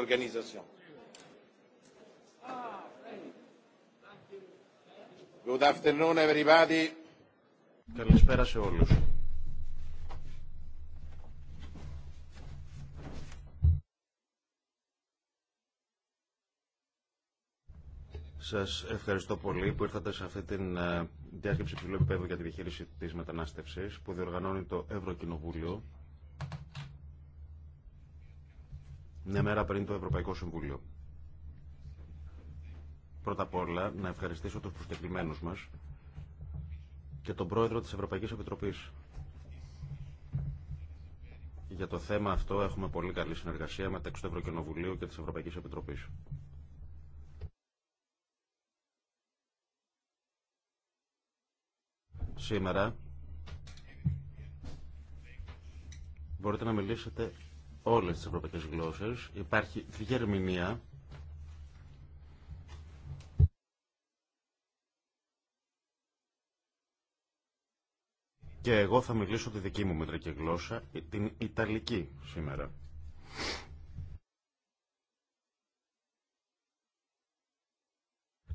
organization. Good afternoon everybody. Καλησπέρα σε όλους. Σας ευχαριστώ πολύ που ήρθατε σε αυτή την ε, διάσκεψη ψηλού επίπεδου για τη διαχείριση της μετανάστευσης που διοργανώνει το Ευρωκοινοβούλιο μια μέρα πριν το Ευρωπαϊκό Συμβούλιο. Πρώτα απ' όλα να ευχαριστήσω τους προσκεκλημένους μας και τον πρόεδρο της Ευρωπαϊκής Επιτροπής. Για το θέμα αυτό έχουμε πολύ καλή συνεργασία μεταξύ του Ευρωκοινοβουλίου και της Ευρωπαϊκής Επιτροπής. Σήμερα μπορείτε να μιλήσετε όλες τις ευρωπαϊκές γλώσσες. Υπάρχει διερμηνία. Και εγώ θα μιλήσω τη δική μου μητρική γλώσσα, την Ιταλική σήμερα.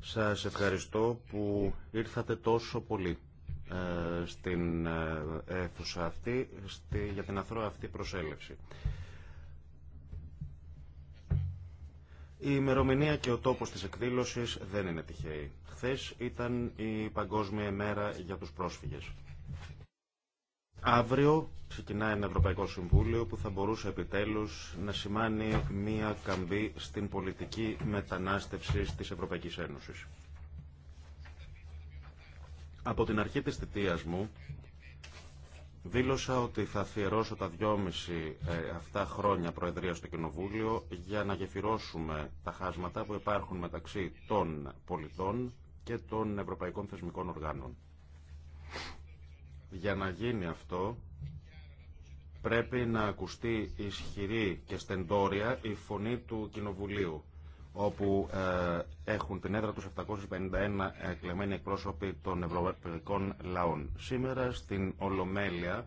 Σας ευχαριστώ που ήρθατε τόσο πολύ ε, στην ε, αίθουσα αυτή, στη, για την αθρώα αυτή προσέλευση. Η ημερομηνία και ο τόπος της εκδήλωσης δεν είναι τυχαίοι. Χθες ήταν η Παγκόσμια ημέρα για τους πρόσφυγες. Αύριο ξεκινά ένα Ευρωπαϊκό Συμβούλιο που θα μπορούσε επιτέλους να σημάνει μία καμπή στην πολιτική μετανάστευση της Ευρωπαϊκής Ένωσης. Από την αρχή της θητείας μου Δήλωσα ότι θα αφιερώσω τα δυόμιση ε, αυτά χρόνια προεδρία στο Κοινοβούλιο για να γεφυρώσουμε τα χάσματα που υπάρχουν μεταξύ των πολιτών και των ευρωπαϊκών θεσμικών οργάνων. Για να γίνει αυτό πρέπει να ακουστεί ισχυρή και στεντόρια η φωνή του Κοινοβουλίου όπου ε, έχουν την έδρα τους 751 εκλεγμένοι εκπρόσωποι των ευρωπαϊκών λαών. Σήμερα στην Ολομέλεια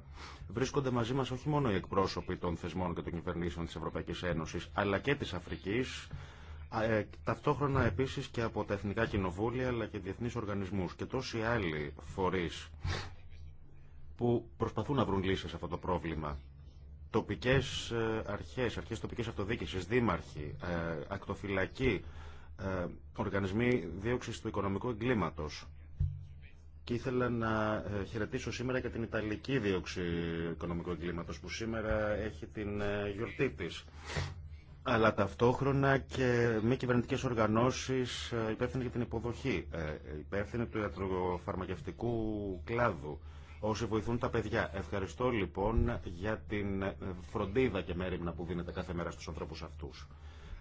βρίσκονται μαζί μας όχι μόνο οι εκπρόσωποι των θεσμών και των κυβερνήσεων της Ευρωπαϊκής Ένωσης, αλλά και της Αφρικής, ε, ταυτόχρονα επίσης και από τα Εθνικά Κοινοβούλια, αλλά και διεθνείς οργανισμούς και τόσοι άλλοι φορείς που προσπαθούν να βρουν λύσεις σε αυτό το πρόβλημα τοπικές ε, αρχές, αρχές τοπικής αυτοδίκησης, δήμαρχοι, ε, ακτοφυλακοί, ε, οργανισμοί δίωξης του οικονομικού εγκλήματος. Και ήθελα να χαιρετήσω σήμερα και την Ιταλική δίωξη οικονομικού εγκλήματος που σήμερα έχει την γιορτή της. Αλλά ταυτόχρονα και μη κυβερνητικέ οργανώσει υπεύθυνε για την υποδοχή, υπεύθυνε του ιατροφαρμακευτικού κλάδου, όσοι βοηθούν τα παιδιά. Ευχαριστώ λοιπόν για την φροντίδα και μέρημνα που δίνεται κάθε μέρα στους ανθρώπους αυτούς.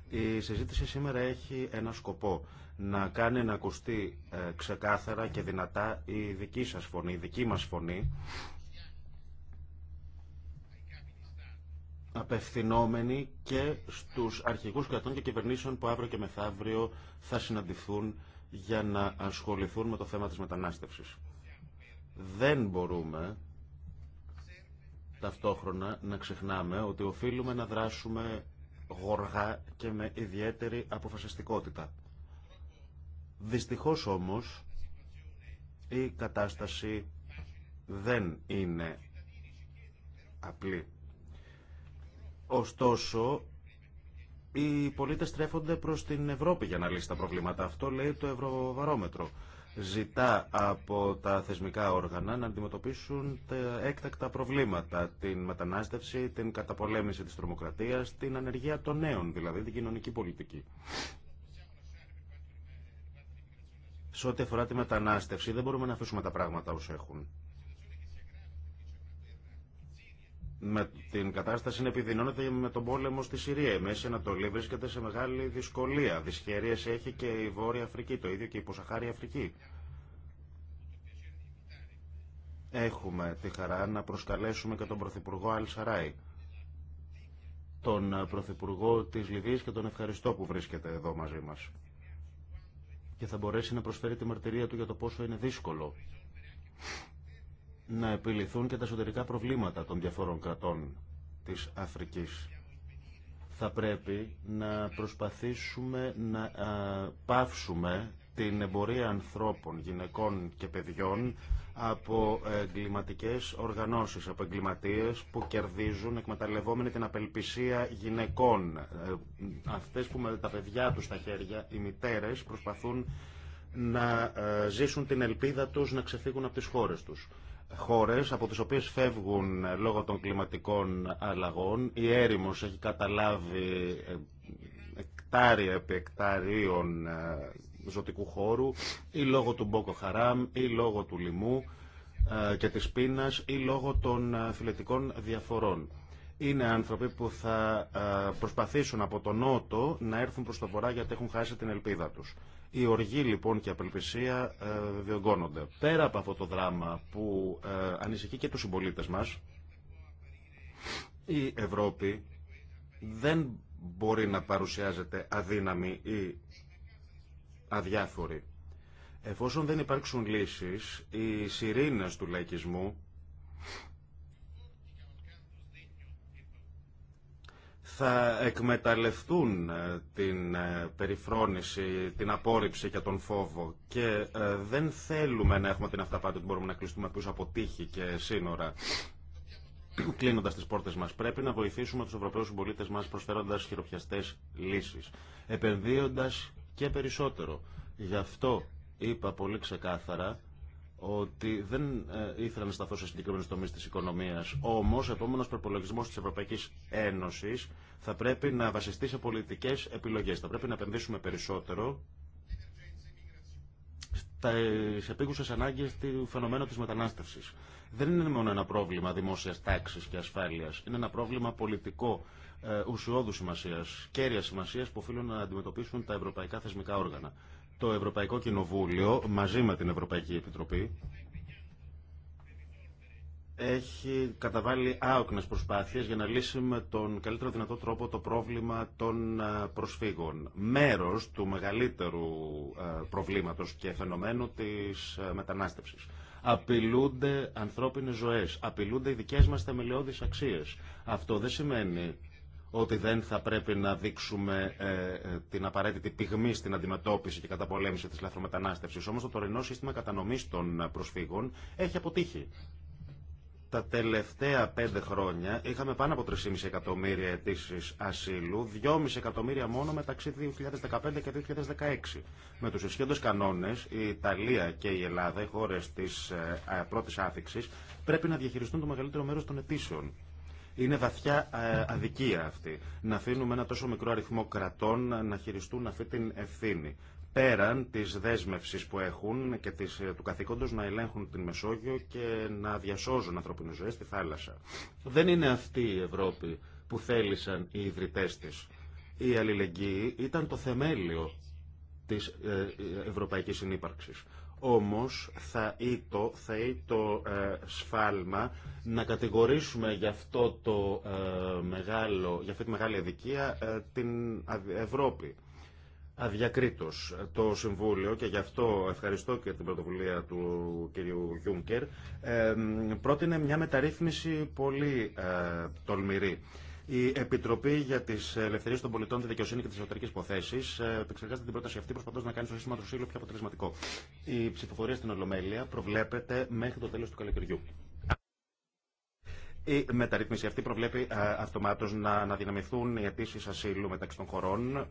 Η συζήτηση σήμερα έχει ένα σκοπό, να κάνει να ακουστεί ε, ξεκάθαρα και δυνατά η δική σας φωνή, η δική μας φωνή, απευθυνόμενοι και στους αρχηγούς κρατών και κυβερνήσεων που αύριο και μεθαύριο θα συναντηθούν για να ασχοληθούν με το θέμα της μετανάστευσης. Δεν μπορούμε ταυτόχρονα να ξεχνάμε ότι οφείλουμε να δράσουμε γοργά και με ιδιαίτερη αποφασιστικότητα. Δυστυχώς όμως η κατάσταση δεν είναι απλή. Ωστόσο, οι πολίτες τρέφονται προς την Ευρώπη για να λύσει τα προβλήματα. Αυτό λέει το Ευρωβαρόμετρο ζητά από τα θεσμικά όργανα να αντιμετωπίσουν τα έκτακτα προβλήματα, την μετανάστευση, την καταπολέμηση της τρομοκρατίας, την ανεργία των νέων, δηλαδή την κοινωνική πολιτική. Σε ό,τι αφορά τη μετανάστευση δεν μπορούμε να αφήσουμε τα πράγματα όσο έχουν. με την κατάσταση είναι επιδεινώνεται με τον πόλεμο στη Συρία. Η Μέση Ανατολή βρίσκεται σε μεγάλη δυσκολία. Δυσχερίες έχει και η Βόρεια Αφρική, το ίδιο και η Ποσαχάρη Αφρική. Έχουμε τη χαρά να προσκαλέσουμε και τον Πρωθυπουργό Αλ Σαράι, τον Πρωθυπουργό της Λιβύης και τον ευχαριστώ που βρίσκεται εδώ μαζί μας. Και θα μπορέσει να προσφέρει τη μαρτυρία του για το πόσο είναι δύσκολο να επιληθούν και τα εσωτερικά προβλήματα των διαφόρων κρατών της Αφρικής. Θα πρέπει να προσπαθήσουμε να παύσουμε την εμπορία ανθρώπων, γυναικών και παιδιών από εγκληματικέ οργανώσεις, από εγκληματίες που κερδίζουν εκμεταλλευόμενοι την απελπισία γυναικών. Ε, αυτές που με τα παιδιά τους στα χέρια, οι μητέρες προσπαθούν να ε, ζήσουν την ελπίδα τους να ξεφύγουν από τις χώρες τους χώρες από τις οποίες φεύγουν ε, λόγω των κλιματικών αλλαγών. Η έρημος έχει καταλάβει εκτάρια επί εκταρίων ζωτικού χώρου ή λόγω του Μπόκο Χαράμ ή λόγω του λοιμού ε, και της πείνας ή λόγω των ε, φιλετικών διαφορών. Είναι άνθρωποι που θα ε, προσπαθήσουν από τον Νότο να έρθουν προς το Βορρά γιατί έχουν χάσει την ελπίδα τους. Η οργή λοιπόν και η απελπισία διωγγώνονται. Πέρα από αυτό το δράμα που ανησυχεί και τους συμπολίτε μας, η Ευρώπη δεν μπορεί να παρουσιάζεται αδύναμη ή αδιάφοροι. Εφόσον δεν υπάρξουν λύσεις, οι σιρήνες του λαϊκισμού θα εκμεταλλευτούν ε, την ε, περιφρόνηση, την απόρριψη και τον φόβο και ε, δεν θέλουμε να έχουμε την αυταπάτη ότι μπορούμε να κλειστούμε πίσω από τείχη και σύνορα κλείνοντα τι πόρτε μα. Πρέπει να βοηθήσουμε του Ευρωπαίου συμπολίτε μα προσφέροντα χειροπιαστέ λύσει. Επενδύοντα και περισσότερο. Γι' αυτό είπα πολύ ξεκάθαρα ότι δεν ε, ήθελα να σταθώ σε συγκεκριμένου τομεί τη οικονομία. Όμω, ο επόμενο προπολογισμό τη Ευρωπαϊκή Ένωση θα πρέπει να βασιστεί σε πολιτικέ επιλογέ. Θα πρέπει να επενδύσουμε περισσότερο στι επίγουσε ανάγκε του φαινομένου τη μετανάστευση. Δεν είναι μόνο ένα πρόβλημα δημόσια τάξη και ασφάλεια. Είναι ένα πρόβλημα πολιτικό ε, ουσιώδου σημασία, κέρια σημασία που οφείλουν να αντιμετωπίσουν τα ευρωπαϊκά θεσμικά όργανα. Το Ευρωπαϊκό Κοινοβούλιο μαζί με την Ευρωπαϊκή Επιτροπή έχει καταβάλει άοκνες προσπάθειες για να λύσει με τον καλύτερο δυνατό τρόπο το πρόβλημα των ε, προσφύγων. Μέρος του μεγαλύτερου ε, προβλήματος και φαινομένου της μετανάστευσης. Απειλούνται ανθρώπινες ζωές, απειλούνται οι δικές μας θεμελιώδεις αξίες. Αυτό δεν σημαίνει ότι δεν θα πρέπει να δείξουμε ε, ε, την απαραίτητη πυγμή στην αντιμετώπιση και καταπολέμηση της λαθρομετανάστευσης. Όμως το τωρινό σύστημα κατανομής των προσφύγων έχει αποτύχει. Τα τελευταία πέντε χρόνια είχαμε πάνω από 3,5 εκατομμύρια αιτήσει ασύλου, 2,5 εκατομμύρια μόνο μεταξύ 2015 και 2016. Με τους ισχύοντες κανόνες, η Ιταλία και η Ελλάδα, οι χώρες της ε, πρώτης άφηξης, πρέπει να διαχειριστούν το μεγαλύτερο μέρος των αιτήσεων. Είναι βαθιά ε, αδικία αυτή. Να αφήνουμε ένα τόσο μικρό αριθμό κρατών να χειριστούν αυτή την ευθύνη. Πέραν τη δέσμευση που έχουν και ε, του καθήκοντο να ελέγχουν την Μεσόγειο και να διασώζουν ανθρώπινε ζωέ στη θάλασσα. Δεν είναι αυτή η Ευρώπη που θέλησαν οι ιδρυτέ τη. Η αλληλεγγύη ήταν το θεμέλιο της ε, ευρωπαϊκή συνύπαρξη. Όμως θα είτο, θα είτο ε, σφάλμα να κατηγορήσουμε για, αυτό το, ε, μεγάλο, για αυτή τη μεγάλη αδικία ε, την Ευρώπη. Αδιακρίτως το Συμβούλιο και γι' αυτό ευχαριστώ και την πρωτοβουλία του κ. Γιούνκερ πρότεινε μια μεταρρύθμιση πολύ τολμηρή η Επιτροπή για τι Ελευθερίε των Πολιτών, τη Δικαιοσύνη και τι Εσωτερικέ Υποθέσει επεξεργάζεται την πρόταση αυτή προσπαθώντα να κάνει το σύστημα του σύλλογου πιο αποτελεσματικό. Η ψηφοφορία στην Ολομέλεια προβλέπεται μέχρι το τέλο του καλοκαιριού. Η μεταρρύθμιση αυτή προβλέπει ε, αυτομάτω να αναδυναμηθούν οι αιτήσει ασύλου μεταξύ των χωρών,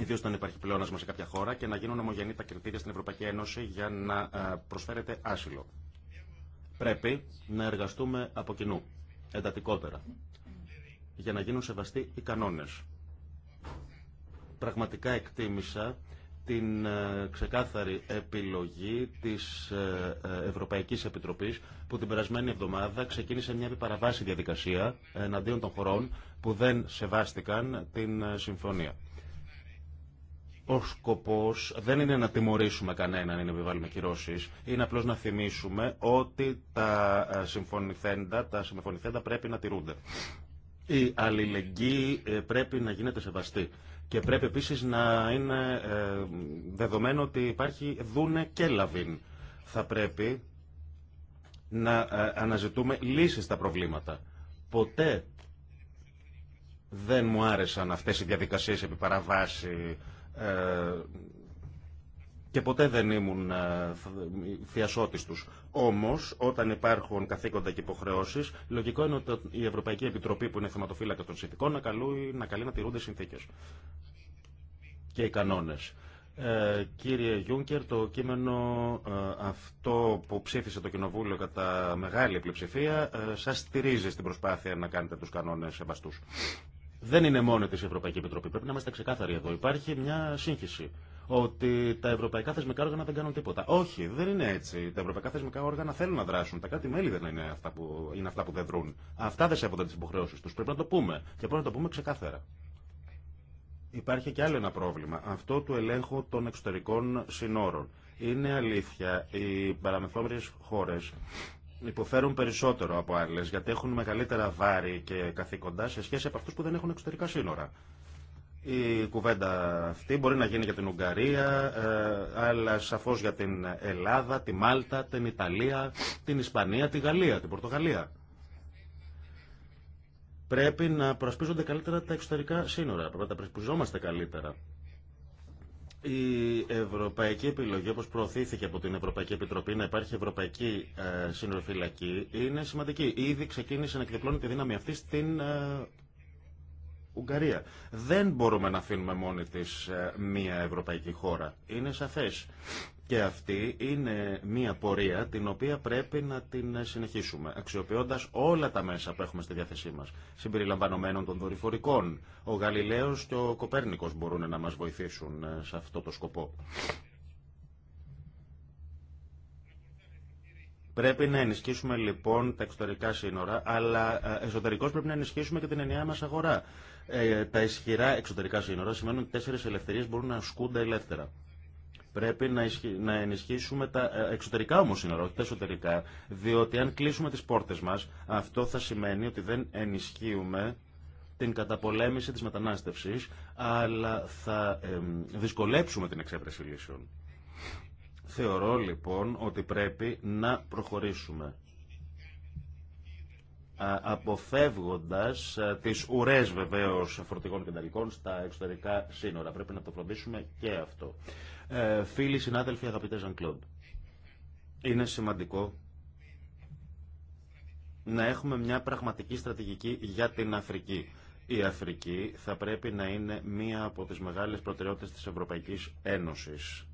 ιδίω όταν υπάρχει πλεόνασμα σε κάποια χώρα, και να γίνουν ομογενή τα κριτήρια στην Ευρωπαϊκή Ένωση για να ε, προσφέρεται άσυλο. Πρέπει να εργαστούμε από κοινού, εντατικότερα, για να γίνουν σεβαστοί οι κανόνες. Πραγματικά εκτίμησα την ε, ξεκάθαρη επιλογή της ε, ε, Ευρωπαϊκής Επιτροπής που την περασμένη εβδομάδα ξεκίνησε μια επιπαραβάση διαδικασία εναντίον των χωρών που δεν σεβάστηκαν την συμφωνία. Ο σκοπό δεν είναι να τιμωρήσουμε κανέναν ή να επιβάλλουμε κυρώσει. Είναι απλώ να θυμίσουμε ότι τα συμφωνηθέντα, τα συμφωνηθέντα πρέπει να τηρούνται. Η αλληλεγγύη ε, πρέπει να γίνεται σεβαστή. Και πρέπει επίσης να είναι ε, δεδομένο ότι υπάρχει δούνε και λαβίν. Θα πρέπει να ε, αναζητούμε λύσεις στα προβλήματα. Ποτέ δεν μου άρεσαν αυτές οι διαδικασίες επί παραβάση και ποτέ δεν ήμουν ε, θειασότη του. Όμω, όταν υπάρχουν καθήκοντα και υποχρεώσει, λογικό είναι ότι η Ευρωπαϊκή Επιτροπή, που είναι θεματοφύλακα των συνθηκών, να, καλεί, να καλεί να τηρούνται οι συνθήκε και οι κανόνε. Ε, κύριε Γιούνκερ, το κείμενο ε, αυτό που ψήφισε το Κοινοβούλιο κατά μεγάλη πλειοψηφία ε, σας στηρίζει στην προσπάθεια να κάνετε τους κανόνες σεβαστούς. Δεν είναι μόνο της Ευρωπαϊκή Επιτροπή, πρέπει να είμαστε ξεκάθαροι εδώ. Υπάρχει μια σύγχυση ότι τα ευρωπαϊκά θεσμικά όργανα δεν κάνουν τίποτα. Όχι, δεν είναι έτσι. Τα ευρωπαϊκά θεσμικά όργανα θέλουν να δράσουν. Τα κράτη-μέλη δεν είναι αυτά, που, είναι αυτά που δεν δρούν. Αυτά δεν σέβονται τι υποχρεώσει του. Πρέπει να το πούμε. Και πρέπει να το πούμε ξεκάθαρα. Υπάρχει και άλλο ένα πρόβλημα. Αυτό του ελέγχου των εξωτερικών συνόρων. Είναι αλήθεια. Οι παραμεθόμενε χώρε υποφέρουν περισσότερο από άλλε, γιατί έχουν μεγαλύτερα βάρη και καθήκοντα σε σχέση από αυτού που δεν έχουν εξωτερικά σύνορα. Η κουβέντα αυτή μπορεί να γίνει για την Ουγγαρία, ε, αλλά σαφώς για την Ελλάδα, τη Μάλτα, την Ιταλία, την Ισπανία, τη Γαλλία, την Πορτογαλία. Πρέπει να προσπίζονται καλύτερα τα εξωτερικά σύνορα, πρέπει να τα προσπιζόμαστε καλύτερα. Η ευρωπαϊκή επιλογή, όπω προωθήθηκε από την Ευρωπαϊκή Επιτροπή, να υπάρχει ευρωπαϊκή ε, είναι σημαντική. Ήδη ξεκίνησε να εκδιπλώνει τη δύναμη αυτή στην ε, Ουγγαρία. Δεν μπορούμε να αφήνουμε μόνη της ε, μία ευρωπαϊκή χώρα. Είναι σαφές. Και αυτή είναι μία πορεία την οποία πρέπει να την ε, συνεχίσουμε, αξιοποιώντας όλα τα μέσα που έχουμε στη διάθεσή μας, συμπεριλαμβανομένων των δορυφορικών. Ο Γαλιλαίος και ο Κοπέρνικος μπορούν να μας βοηθήσουν ε, σε αυτό το σκοπό. Πρέπει να ενισχύσουμε λοιπόν τα εξωτερικά σύνορα, αλλά εσωτερικώς πρέπει να ενισχύσουμε και την ενιαία μας αγορά. Ε, τα ισχυρά εξωτερικά σύνορα σημαίνουν ότι τέσσερι ελευθερίε μπορούν να ασκούνται ελεύθερα. Πρέπει να, να ενισχύσουμε τα ε, εξωτερικά όμω σύνορα, όχι τα εσωτερικά, διότι αν κλείσουμε τι πόρτε μα, αυτό θα σημαίνει ότι δεν ενισχύουμε την καταπολέμηση της μετανάστευση, αλλά θα δυσκολέψουμε την εξέπρεση λύσεων. Θεωρώ λοιπόν ότι πρέπει να προχωρήσουμε αποφεύγοντας τις ουρές βεβαίως φορτηγών και ταλικών στα εξωτερικά σύνορα. Πρέπει να το φροντίσουμε και αυτό. Ε, φίλοι, συνάδελφοι, αγαπητέ Ζαν είναι σημαντικό να έχουμε μια πραγματική στρατηγική για την Αφρική. Η Αφρική θα πρέπει να είναι μία από τις μεγάλες προτεραιότητες της Ευρωπαϊκής Ένωσης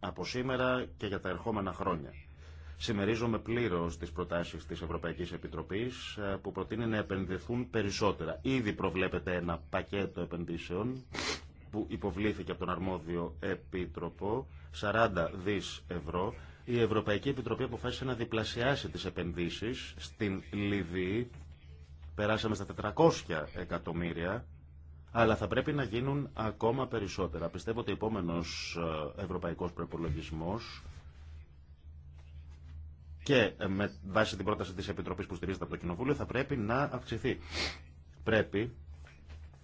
από σήμερα και για τα ερχόμενα χρόνια. Συμμερίζομαι πλήρω τι προτάσει τη Ευρωπαϊκή Επιτροπή ε, που προτείνει να επενδυθούν περισσότερα. Ήδη προβλέπεται ένα πακέτο επενδύσεων που υποβλήθηκε από τον αρμόδιο επίτροπο 40 δι ευρώ. Η Ευρωπαϊκή Επιτροπή αποφάσισε να διπλασιάσει τις επενδύσεις στην Λιβύη. Περάσαμε στα 400 εκατομμύρια, αλλά θα πρέπει να γίνουν ακόμα περισσότερα. Πιστεύω ότι ο επόμενο ε, ευρωπαϊκός προπολογισμό και ε, με βάση την πρόταση της Επιτροπής που στηρίζεται από το Κοινοβούλιο θα πρέπει να αυξηθεί. Πρέπει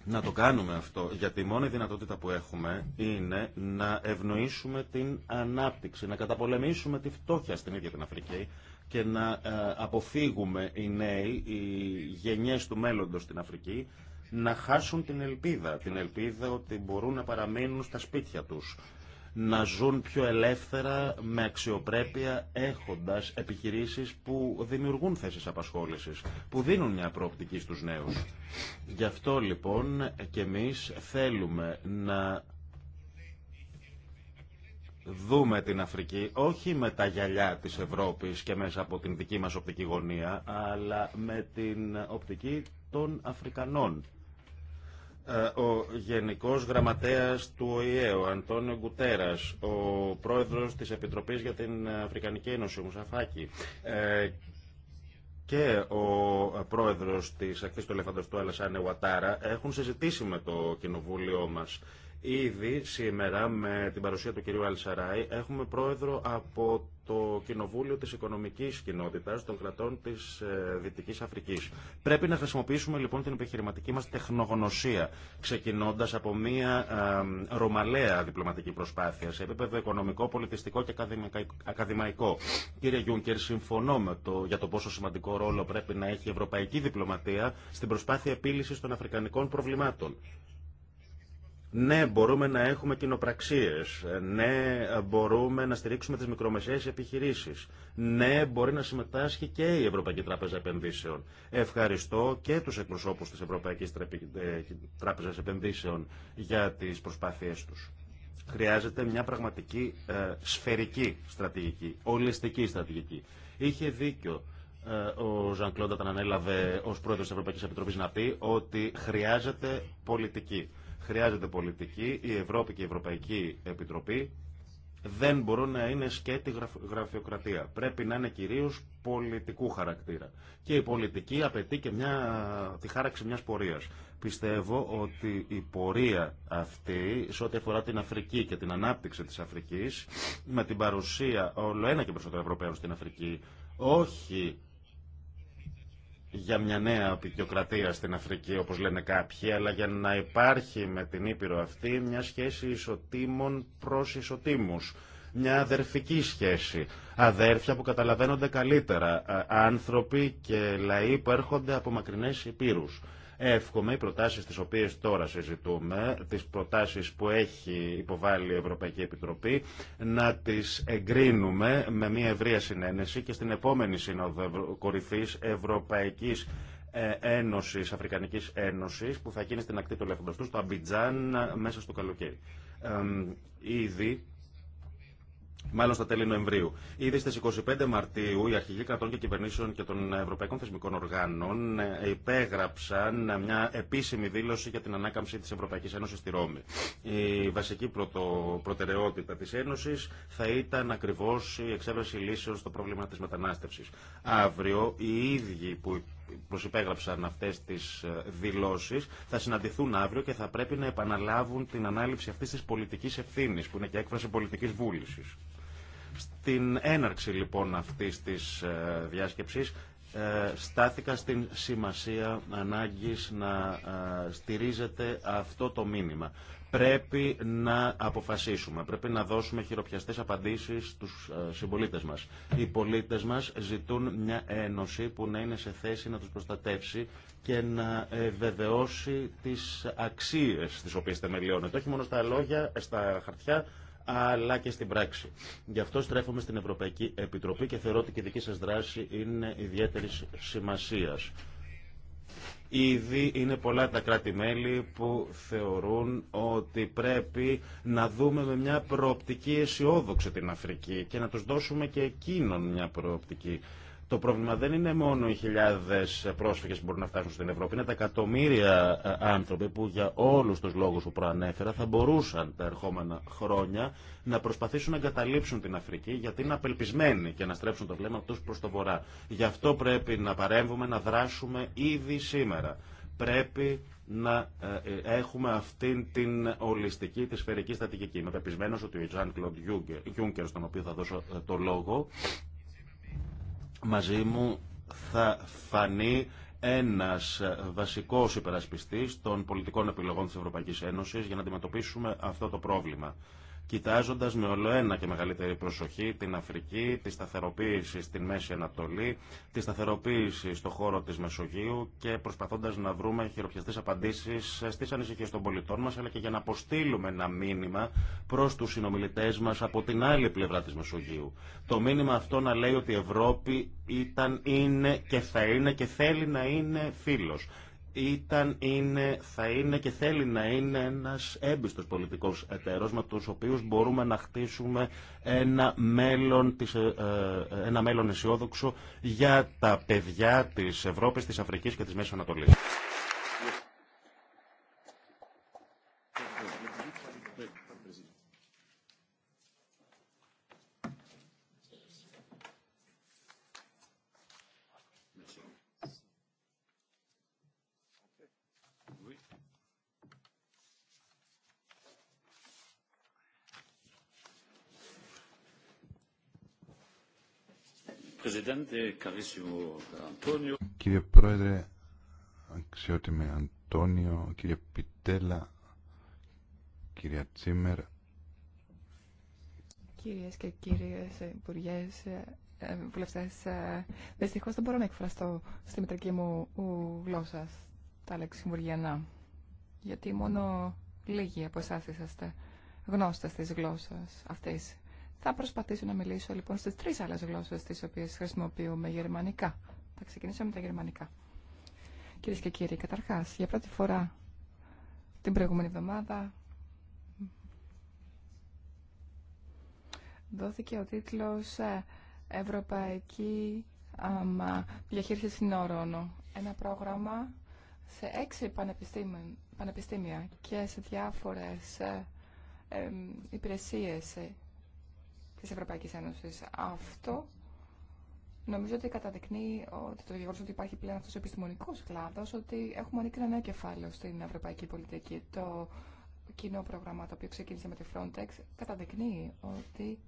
να το κάνουμε αυτό, γιατί η μόνη δυνατότητα που έχουμε είναι να ευνοήσουμε την ανάπτυξη, να καταπολεμήσουμε τη φτώχεια στην ίδια την Αφρική και να ε, αποφύγουμε οι νέοι, οι γενιές του μέλλοντος στην Αφρική, να χάσουν την ελπίδα, την ελπίδα ότι μπορούν να παραμείνουν στα σπίτια τους, να ζουν πιο ελεύθερα με αξιοπρέπεια έχοντας επιχειρήσεις που δημιουργούν θέσεις απασχόλησης, που δίνουν μια προοπτική στους νέους. Γι' αυτό λοιπόν και εμείς θέλουμε να δούμε την Αφρική όχι με τα γυαλιά της Ευρώπης και μέσα από την δική μας οπτική γωνία, αλλά με την οπτική των Αφρικανών ε, ο Γενικός Γραμματέας του ΟΗΕ, ο Αντώνιο Γκουτέρας, ο Πρόεδρος της Επιτροπής για την Αφρικανική Ένωση, ο Μουσαφάκη, ε, και ο πρόεδρος της ακτής του Ελεφαντος του Αλασάνε Ουατάρα έχουν συζητήσει με το κοινοβούλιο μας. Ήδη σήμερα με την παρουσία του κυρίου Αλσαράη έχουμε πρόεδρο από το Κοινοβούλιο της Οικονομικής Κοινότητας των κρατών της ε, Δυτικής Αφρικής. Πρέπει να χρησιμοποιήσουμε λοιπόν την επιχειρηματική μας τεχνογνωσία, ξεκινώντας από μια ρωμαλαία διπλωματική προσπάθεια σε επίπεδο οικονομικό, πολιτιστικό και ακαδημαϊκό. Κύριε Γιούνκερ, συμφωνώ με το, για το πόσο σημαντικό ρόλο πρέπει να έχει η ευρωπαϊκή διπλωματία στην προσπάθεια επίλυσης των αφρικανικών προβλημάτων. Ναι, μπορούμε να έχουμε κοινοπραξίε. Ναι, μπορούμε να στηρίξουμε τι μικρομεσαίέ επιχειρήσει. Ναι, μπορεί να συμμετάσχει και η Ευρωπαϊκή Τράπεζα Επενδύσεων. Ευχαριστώ και τους εκπροσώπου της Ευρωπαϊκή ε, Τράπεζα Επενδύσεων για τι προσπάθειε τους. Χρειάζεται μια πραγματική ε, σφαιρική στρατηγική, ολιστική στρατηγική. Είχε δίκιο ε, ο Ζαν Κλόντα όταν ανέλαβε ω πρόεδρο τη Ευρωπαϊκή Επιτροπή να πει ότι χρειάζεται πολιτική. Χρειάζεται πολιτική, η Ευρώπη και η Ευρωπαϊκή Επιτροπή δεν μπορούν να είναι σκέτη γραφειοκρατία. Πρέπει να είναι κυρίω πολιτικού χαρακτήρα. Και η πολιτική απαιτεί και μια, τη χάραξη μια πορεία. Πιστεύω ότι η πορεία αυτή, σε ό,τι αφορά την Αφρική και την ανάπτυξη τη Αφρική, με την παρουσία όλο ένα και περισσότερο Ευρωπαίων στην Αφρική, όχι για μια νέα απεικιοκρατία στην Αφρική, όπως λένε κάποιοι, αλλά για να υπάρχει με την Ήπειρο αυτή μια σχέση ισοτήμων προς ισοτήμους. Μια αδερφική σχέση. Αδέρφια που καταλαβαίνονται καλύτερα. Άνθρωποι και λαοί που έρχονται από μακρινές Υπήρους. Εύχομαι οι προτάσεις τις οποίες τώρα συζητούμε, τις προτάσεις που έχει υποβάλει η Ευρωπαϊκή Επιτροπή, να τις εγκρίνουμε με μια ευρεία συνένεση και στην επόμενη Σύνοδο Κορυφή Ευρωπαϊκή ε, Ένωση, Αφρικανική Ένωση, που θα γίνει στην ακτή του Ελεφαντοστού, στο Αμπιτζάν, ε, μέσα στο καλοκαίρι μάλλον στα τέλη Νοεμβρίου. Ήδη στι 25 Μαρτίου οι αρχηγοί κρατών και κυβερνήσεων και των Ευρωπαϊκών Θεσμικών Οργάνων ε, υπέγραψαν μια επίσημη δήλωση για την ανάκαμψη της Ευρωπαϊκής Ένωση στη Ρώμη. Η βασική προτεραιότητα της Ένωσης θα ήταν ακριβώ η εξέβρεση λύσεων στο πρόβλημα της μετανάστευση Αύριο οι ίδιοι που προσυπέγραψαν αυτές τις ε, δηλώσεις θα συναντηθούν αύριο και θα πρέπει να επαναλάβουν την ανάληψη αυτής της πολιτικής ευθύνης που είναι και έκφραση πολιτικής βούλησης. Στην έναρξη λοιπόν αυτής της ε, διάσκεψης ε, στάθηκα στην σημασία ανάγκης να στηρίζεται αυτό το μήνυμα. Πρέπει να αποφασίσουμε, πρέπει να δώσουμε χειροπιαστές απαντήσεις στους ε, συμπολίτες μας. Οι πολίτες μας ζητούν μια ένωση που να είναι σε θέση να τους προστατεύσει και να ε, βεβαιώσει τις αξίες τις οποίες θεμελιώνεται. Όχι μόνο στα λόγια, στα χαρτιά, αλλά και στην πράξη. Γι' αυτό στρέφομαι στην Ευρωπαϊκή Επιτροπή και θεωρώ ότι και η δική σας δράση είναι ιδιαίτερης σημασίας. Ήδη είναι πολλά τα κράτη-μέλη που θεωρούν ότι πρέπει να δούμε με μια προοπτική αισιόδοξη την Αφρική και να τους δώσουμε και εκείνον μια προοπτική. Το πρόβλημα δεν είναι μόνο οι χιλιάδε πρόσφυγε που μπορούν να φτάσουν στην Ευρώπη, είναι τα εκατομμύρια ε, άνθρωποι που για όλου του λόγου που προανέφερα θα μπορούσαν τα ερχόμενα χρόνια να προσπαθήσουν να εγκαταλείψουν την Αφρική γιατί είναι απελπισμένοι και να στρέψουν το βλέμμα του προ το βορρά. Γι' αυτό πρέπει να παρέμβουμε, να δράσουμε ήδη σήμερα. Πρέπει να ε, ε, έχουμε αυτήν την ολιστική, τη σφαιρική στατικική. Είμαι πεπισμένο ότι ο Ιτζάν Κλοντ Γιούγκερ, στον οποίο θα δώσω το λόγο, μαζί μου θα φανεί ένας βασικός υπερασπιστής των πολιτικών επιλογών της Ευρωπαϊκής Ένωσης για να αντιμετωπίσουμε αυτό το πρόβλημα κοιτάζοντας με ολοένα και μεγαλύτερη προσοχή την Αφρική, τη σταθεροποίηση στην Μέση Ανατολή, τη σταθεροποίηση στον χώρο της Μεσογείου και προσπαθώντας να βρούμε χειροπιαστές απαντήσεις στις ανησυχίες των πολιτών μας, αλλά και για να αποστείλουμε ένα μήνυμα προς τους συνομιλητές μας από την άλλη πλευρά της Μεσογείου. Το μήνυμα αυτό να λέει ότι η Ευρώπη ήταν, είναι και θα είναι και θέλει να είναι φίλος ήταν, είναι, θα είναι και θέλει να είναι ένας έμπιστος πολιτικός εταίρος με τους οποίους μπορούμε να χτίσουμε ένα μέλλον, της, ε, ε, ένα μέλλον αισιόδοξο για τα παιδιά της Ευρώπης, της Αφρικής και της Μέσης Ανατολής. Eh, κύριε Πρόεδρε, αξιότιμε Αντώνιο, κύριε Πιτέλα, κυρία Τσίμερ. Κυρίες και κύριοι υπουργέ, ε, βουλευτές, ε, δυστυχώς δεν μπορώ να εκφραστώ στη μητρική μου γλώσσα τα λεξιμβουργιανά, γιατί μόνο λίγοι από εσάς είσαστε γνώστες της γλώσσας αυτής. Θα προσπαθήσω να μιλήσω λοιπόν στις τρεις άλλες γλώσσες τις οποίες χρησιμοποιούμε γερμανικά. Θα ξεκινήσω με τα γερμανικά. Κυρίε και κύριοι, καταρχάς, για πρώτη φορά την προηγούμενη εβδομάδα δόθηκε ο τίτλος ε, Ευρωπαϊκή αμα, Διαχείριση Συνόρων. Ένα πρόγραμμα σε έξι πανεπιστήμια και σε διάφορες υπηρεσίε. Ε, υπηρεσίες ε, τη Ευρωπαϊκή Ένωση. Αυτό νομίζω ότι καταδεικνύει ότι το γεγονό ότι υπάρχει πλέον αυτός ο επιστημονικός κλάδος, ότι έχουμε ανοίξει ένα νέο κεφάλαιο στην ευρωπαϊκή πολιτική. Το κοινό πρόγραμμα το οποίο ξεκίνησε με τη Frontex καταδεικνύει ότι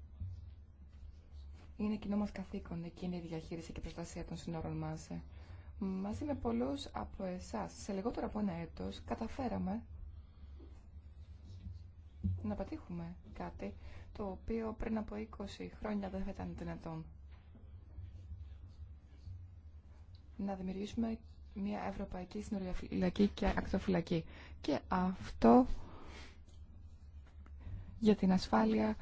είναι κοινό μα καθήκον εκείνη η διαχείριση και προστασία των συνόρων μας. Μαζί με πολλούς από εσά. σε λιγότερο από ένα έτος, καταφέραμε να πετύχουμε κάτι το οποίο πριν από 20 χρόνια δεν θα ήταν δυνατόν. Να δημιουργήσουμε μια ευρωπαϊκή συνοριαφυλακή και ακτοφυλακή. Και αυτό για την ασφάλεια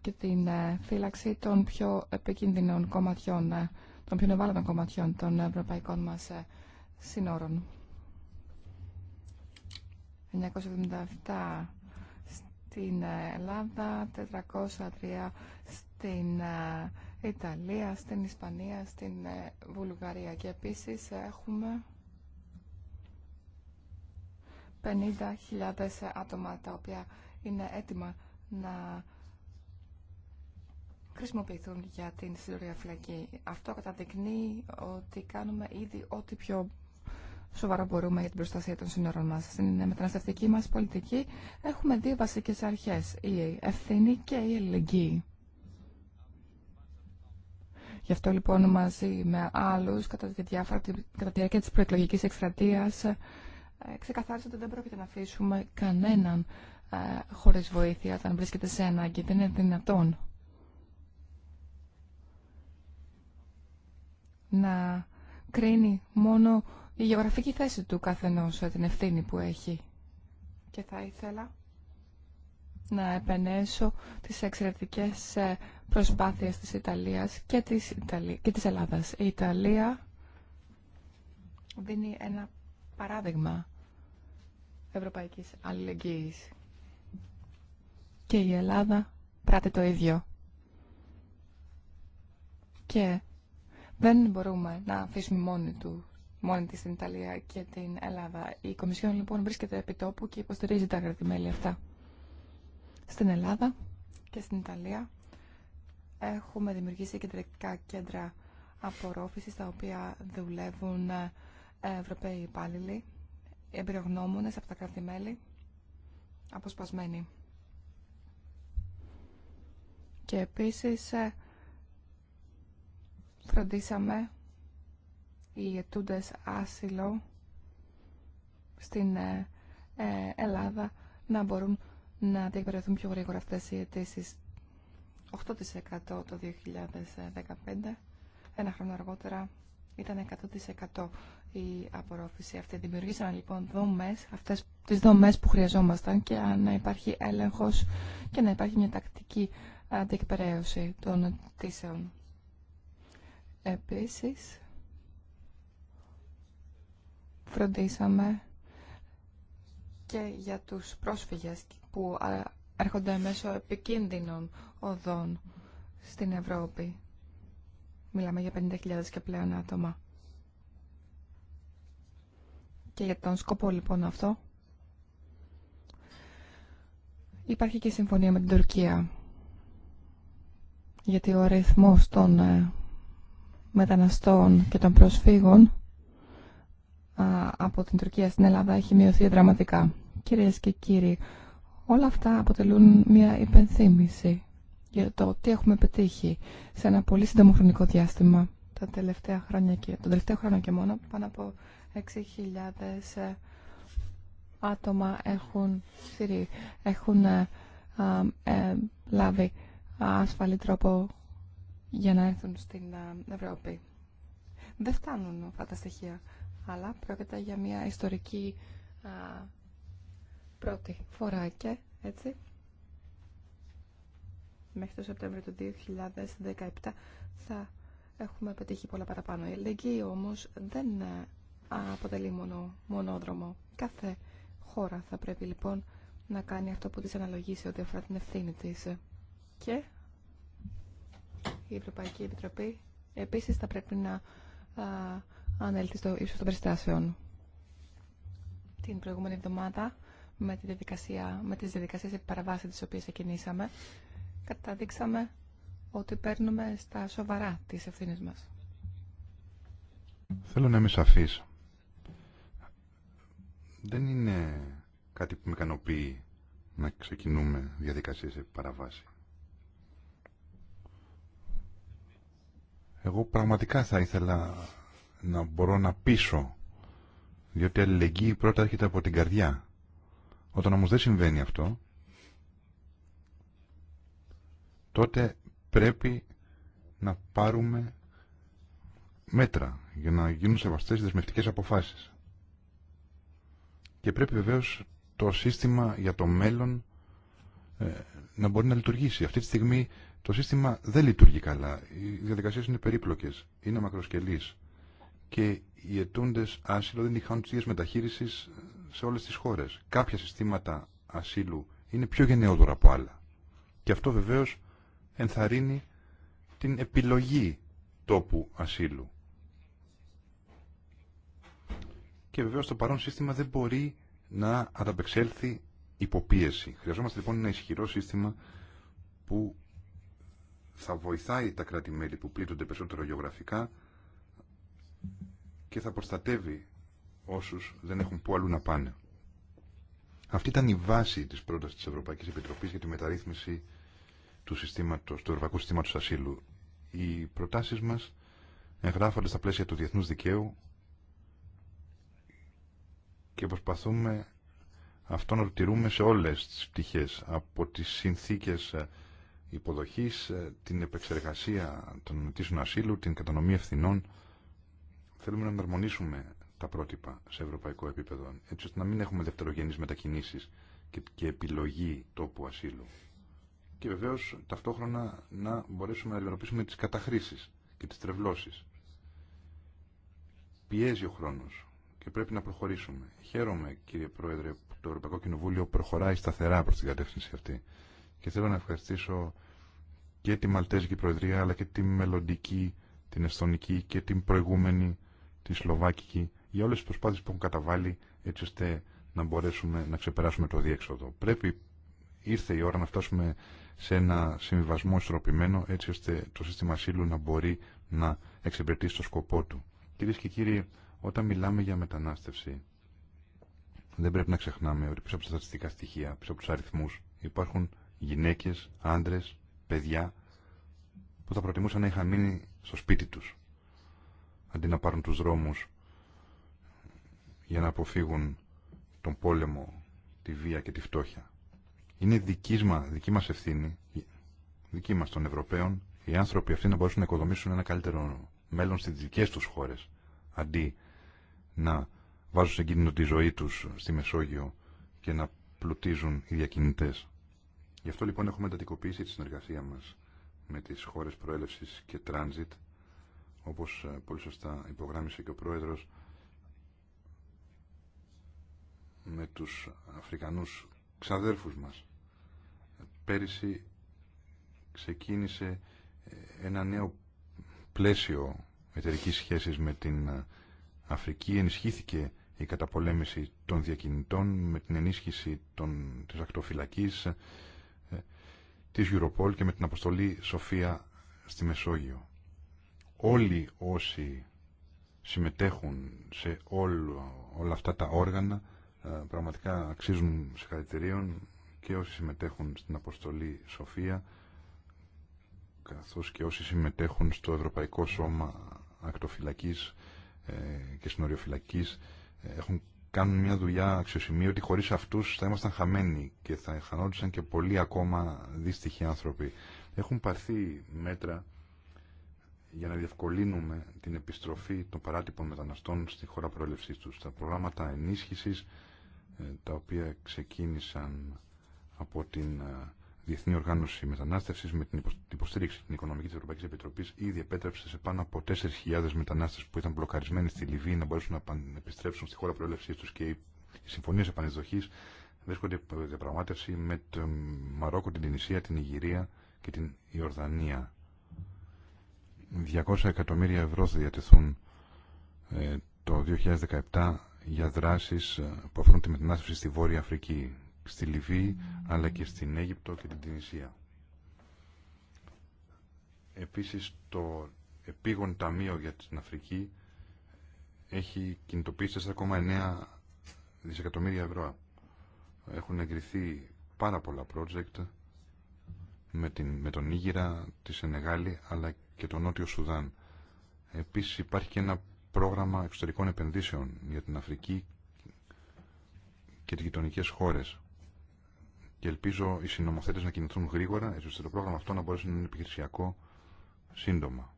και την ε, φύλαξη των πιο επικίνδυνων κομματιών, ε, των πιο ευάλωτων κομματιών των ευρωπαϊκών μας ε, συνόρων στην Ελλάδα, 403 στην ε, Ιταλία, στην Ισπανία, στην ε, Βουλγαρία και επίσης έχουμε 50.000 άτομα τα οποία είναι έτοιμα να χρησιμοποιηθούν για την συλλογία φυλακή. Αυτό καταδεικνύει ότι κάνουμε ήδη ό,τι πιο σοβαρά μπορούμε για την προστασία των σύνορων μας. Στην μεταναστευτική μας πολιτική έχουμε δύο βασικές αρχές, η ευθύνη και η ελληνική. Γι' αυτό λοιπόν μαζί με άλλους κατά τη διάφορα, κατά τη διάρκεια της προεκλογικής εκστρατείας ε, ξεκαθάρισε ότι δεν πρόκειται να αφήσουμε κανέναν ε, χωρίς βοήθεια όταν βρίσκεται σε ανάγκη. Δεν είναι δυνατόν να κρίνει μόνο η γεωγραφική θέση του καθενός, ε, την ευθύνη που έχει. Και θα ήθελα να επενέσω τις εξαιρετικές ε, προσπάθειες της Ιταλίας και της, Ιταλί και της Ελλάδας. Η Ιταλία δίνει ένα παράδειγμα ευρωπαϊκής αλληλεγγύης και η Ελλάδα πράττει το ίδιο. Και δεν μπορούμε να αφήσουμε μόνοι του μόνη τη στην Ιταλία και την Ελλάδα. Η Κομισιόν λοιπόν βρίσκεται επί τόπου και υποστηρίζει τα κρατημέλη αυτά. Στην Ελλάδα και στην Ιταλία έχουμε δημιουργήσει κεντρικά κέντρα απορρόφησης τα οποία δουλεύουν ε, Ευρωπαίοι υπάλληλοι, εμπειρογνώμονες από τα κρατημέλη, αποσπασμένοι. Και επίσης ε, φροντίσαμε οι ετούντες άσυλο στην ε, ε, Ελλάδα να μπορούν να διεκπαιρεθούν πιο γρήγορα αυτές οι αιτήσει 8% το 2015, ένα χρόνο αργότερα ήταν 100% η απορρόφηση αυτή. Δημιουργήσαν λοιπόν δομές, αυτές τις δομές που χρειαζόμασταν και να υπάρχει έλεγχος και να υπάρχει μια τακτική αντιεκπαιρέωση των αιτήσεων. Επίσης, φροντίσαμε και για τους πρόσφυγες που έρχονται μέσω επικίνδυνων οδών στην Ευρώπη. Μιλάμε για 50.000 και πλέον άτομα. Και για τον σκοπό λοιπόν αυτό υπάρχει και συμφωνία με την Τουρκία. Γιατί ο αριθμός των ε, μεταναστών και των προσφύγων από την Τουρκία στην Ελλάδα έχει μειωθεί δραματικά. Κυρίε και κύριοι, όλα αυτά αποτελούν μια υπενθύμηση για το τι έχουμε πετύχει σε ένα πολύ σύντομο χρονικό διάστημα τα τελευταία χρόνια και τον τελευταίο χρόνο και μόνο πάνω από 6.000 ε, άτομα έχουν έχουν ε, ε, λάβει ασφαλή τρόπο για να έρθουν στην Ευρώπη. Δεν φτάνουν αυτά τα στοιχεία αλλά πρόκειται για μια ιστορική α, πρώτη φορά και έτσι μέχρι το Σεπτέμβριο του 2017 θα έχουμε πετύχει πολλά παραπάνω. Η ελληνική όμως δεν αποτελεί μόνο μονόδρομο. Κάθε χώρα θα πρέπει λοιπόν να κάνει αυτό που της αναλογεί ό,τι αφορά την ευθύνη της. Και η Ευρωπαϊκή Επιτροπή επίσης θα πρέπει να έλθει στο ύψος των περιστάσεων. Την προηγούμενη εβδομάδα, με, τη διαδικασία, με τις διαδικασίες παραβάση τις οποίες ξεκινήσαμε καταδείξαμε ότι παίρνουμε στα σοβαρά τις ευθύνε μας. Θέλω να είμαι σαφής. Δεν είναι κάτι που με ικανοποιεί να ξεκινούμε διαδικασίες επί παραβάση. Εγώ πραγματικά θα ήθελα να μπορώ να πείσω. Διότι η αλληλεγγύη πρώτα έρχεται από την καρδιά. Όταν όμως δεν συμβαίνει αυτό, τότε πρέπει να πάρουμε μέτρα για να γίνουν σεβαστές δεσμευτικές αποφάσεις. Και πρέπει βεβαίως το σύστημα για το μέλλον ε, να μπορεί να λειτουργήσει. Αυτή τη στιγμή το σύστημα δεν λειτουργεί καλά. Οι διαδικασίες είναι περίπλοκες, είναι μακροσκελής και οι αιτούντες άσυλο δεν είχαν τις ίδιες μεταχείρισης σε όλες τις χώρες. Κάποια συστήματα ασύλου είναι πιο γενναιόδωρα από άλλα. Και αυτό βεβαίως ενθαρρύνει την επιλογή τόπου ασύλου. Και βεβαίως το παρόν σύστημα δεν μπορεί να ανταπεξέλθει υποπίεση. Χρειαζόμαστε λοιπόν ένα ισχυρό σύστημα που θα βοηθάει τα κράτη-μέλη που πλήττονται περισσότερο γεωγραφικά και θα προστατεύει όσους δεν έχουν που αλλού να πάνε. Αυτή ήταν η βάση της πρότασης της Ευρωπαϊκής Επιτροπής για τη μεταρρύθμιση του, συστήματος, του Ευρωπαϊκού Συστήματος Ασύλου. Οι προτάσεις μας εγγράφονται στα πλαίσια του διεθνούς δικαίου και προσπαθούμε αυτό να το σε όλες τις πτυχές, από τις συνθήκες ε, υποδοχής, ε, την επεξεργασία των μετήσεων ασύλου, την κατανομή ευθυνών, Θέλουμε να εναρμονίσουμε τα πρότυπα σε ευρωπαϊκό επίπεδο, έτσι ώστε να μην έχουμε δευτερογενεί μετακινήσει και, και επιλογή τόπου ασύλου. Και βεβαίω ταυτόχρονα να μπορέσουμε να αντιμετωπίσουμε τι καταχρήσει και τι τρευλώσει. Πιέζει ο χρόνο και πρέπει να προχωρήσουμε. Χαίρομαι, κύριε Πρόεδρε, που το Ευρωπαϊκό Κοινοβούλιο προχωράει σταθερά προ την κατεύθυνση αυτή. Και θέλω να ευχαριστήσω και τη Μαλτέζικη Προεδρία, αλλά και τη μελλοντική, την Εσθονική και την προηγούμενη τη Σλοβάκικη για όλες τις προσπάθειες που έχουν καταβάλει έτσι ώστε να μπορέσουμε να ξεπεράσουμε το διέξοδο. Πρέπει ήρθε η ώρα να φτάσουμε σε ένα συμβιβασμό ισορροπημένο έτσι ώστε το σύστημα ασύλου να μπορεί να εξυπηρετήσει το σκοπό του. Κυρίε και κύριοι, όταν μιλάμε για μετανάστευση, δεν πρέπει να ξεχνάμε ότι πίσω από τα στατιστικά στοιχεία, πίσω από του αριθμού, υπάρχουν γυναίκε, άντρε, παιδιά που θα προτιμούσαν να είχαν μείνει στο σπίτι τους αντί να πάρουν τους δρόμους για να αποφύγουν τον πόλεμο, τη βία και τη φτώχεια. Είναι δική, δική μας ευθύνη, δική μας των Ευρωπαίων, οι άνθρωποι αυτοί να μπορέσουν να οικοδομήσουν ένα καλύτερο μέλλον στις δικές τους χώρες, αντί να βάζουν σε κίνδυνο τη ζωή τους στη Μεσόγειο και να πλουτίζουν οι διακινητές. Γι' αυτό λοιπόν έχουμε εντατικοποιήσει τη συνεργασία μας με τις χώρες προέλευσης και τράνζιτ όπως ε, πολύ σωστά υπογράμμισε και ο Πρόεδρος με τους Αφρικανούς ξαδέρφους μας. Πέρυσι ξεκίνησε ε, ένα νέο πλαίσιο εταιρικής σχέσης με την ε, Αφρική. Ενισχύθηκε η καταπολέμηση των διακινητών με την ενίσχυση των, της ακτοφυλακής της Europol και με την αποστολή Σοφία στη Μεσόγειο όλοι όσοι συμμετέχουν σε όλο, όλα αυτά τα όργανα ε, πραγματικά αξίζουν συγχαρητηρίων και όσοι συμμετέχουν στην Αποστολή Σοφία καθώς και όσοι συμμετέχουν στο Ευρωπαϊκό Σώμα Ακτοφυλακής ε, και Συνοριοφυλακής ε, έχουν κάνουν μια δουλειά αξιοσημείωτη χωρίς αυτούς θα ήμασταν χαμένοι και θα χανόντουσαν και πολλοί ακόμα δύστοιχοι άνθρωποι έχουν παρθεί μέτρα για να διευκολύνουμε την επιστροφή των παράτυπων μεταναστών στη χώρα προέλευσής τους. Τα προγράμματα ενίσχυσης, ε, τα οποία ξεκίνησαν από την ε, Διεθνή Οργάνωση Μετανάστευσης με την υποστήριξη την οικονομική της Ευρωπαϊκής Επιτροπής, ήδη επέτρεψε σε πάνω από 4.000 μετανάστες που ήταν μπλοκαρισμένοι στη Λιβύη να μπορέσουν να επιστρέψουν στη χώρα προέλευσής τους και οι συμφωνίες επανεισδοχής βρίσκονται διαπραγμάτευση με το Μαρόκο, την Τινησία, την Ιγυρία και την Ιορδανία. 200 εκατομμύρια ευρώ θα διατεθούν ε, το 2017 για δράσεις ε, που αφορούν τη μετανάστευση στη Βόρεια Αφρική, στη Λιβύη, αλλά και στην Αίγυπτο και την Τινησία. Επίσης, το επίγον ταμείο για την Αφρική έχει κινητοποιήσει 4,9 δισεκατομμύρια ευρώ. Έχουν εγκριθεί πάρα πολλά project με, την, με τον Ήγυρα, τη Σενεγάλη, αλλά και το Νότιο Σουδάν. Επίσης υπάρχει και ένα πρόγραμμα εξωτερικών επενδύσεων για την Αφρική και τις γειτονικέ χώρες. Και ελπίζω οι συνομοθέτες να κινηθούν γρήγορα, έτσι ώστε το πρόγραμμα αυτό να μπορέσει να είναι επιχειρησιακό σύντομα.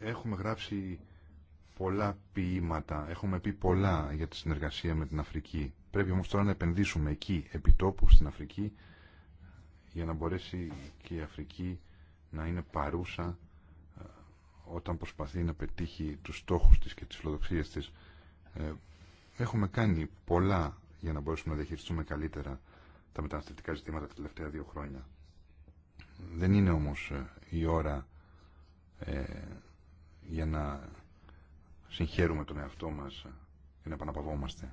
Έχουμε γράψει πολλά ποίηματα, έχουμε πει πολλά για τη συνεργασία με την Αφρική. Πρέπει όμως τώρα να επενδύσουμε εκεί, επιτόπου στην Αφρική, για να μπορέσει και η Αφρική να είναι παρούσα ε, όταν προσπαθεί να πετύχει τους στόχους της και τις φιλοδοξίες της. Ε, έχουμε κάνει πολλά για να μπορέσουμε να διαχειριστούμε καλύτερα τα μεταναστευτικά ζητήματα τα τελευταία δύο χρόνια. Δεν είναι όμως ε, η ώρα για να συγχαίρουμε τον εαυτό μας και να επαναπαυόμαστε.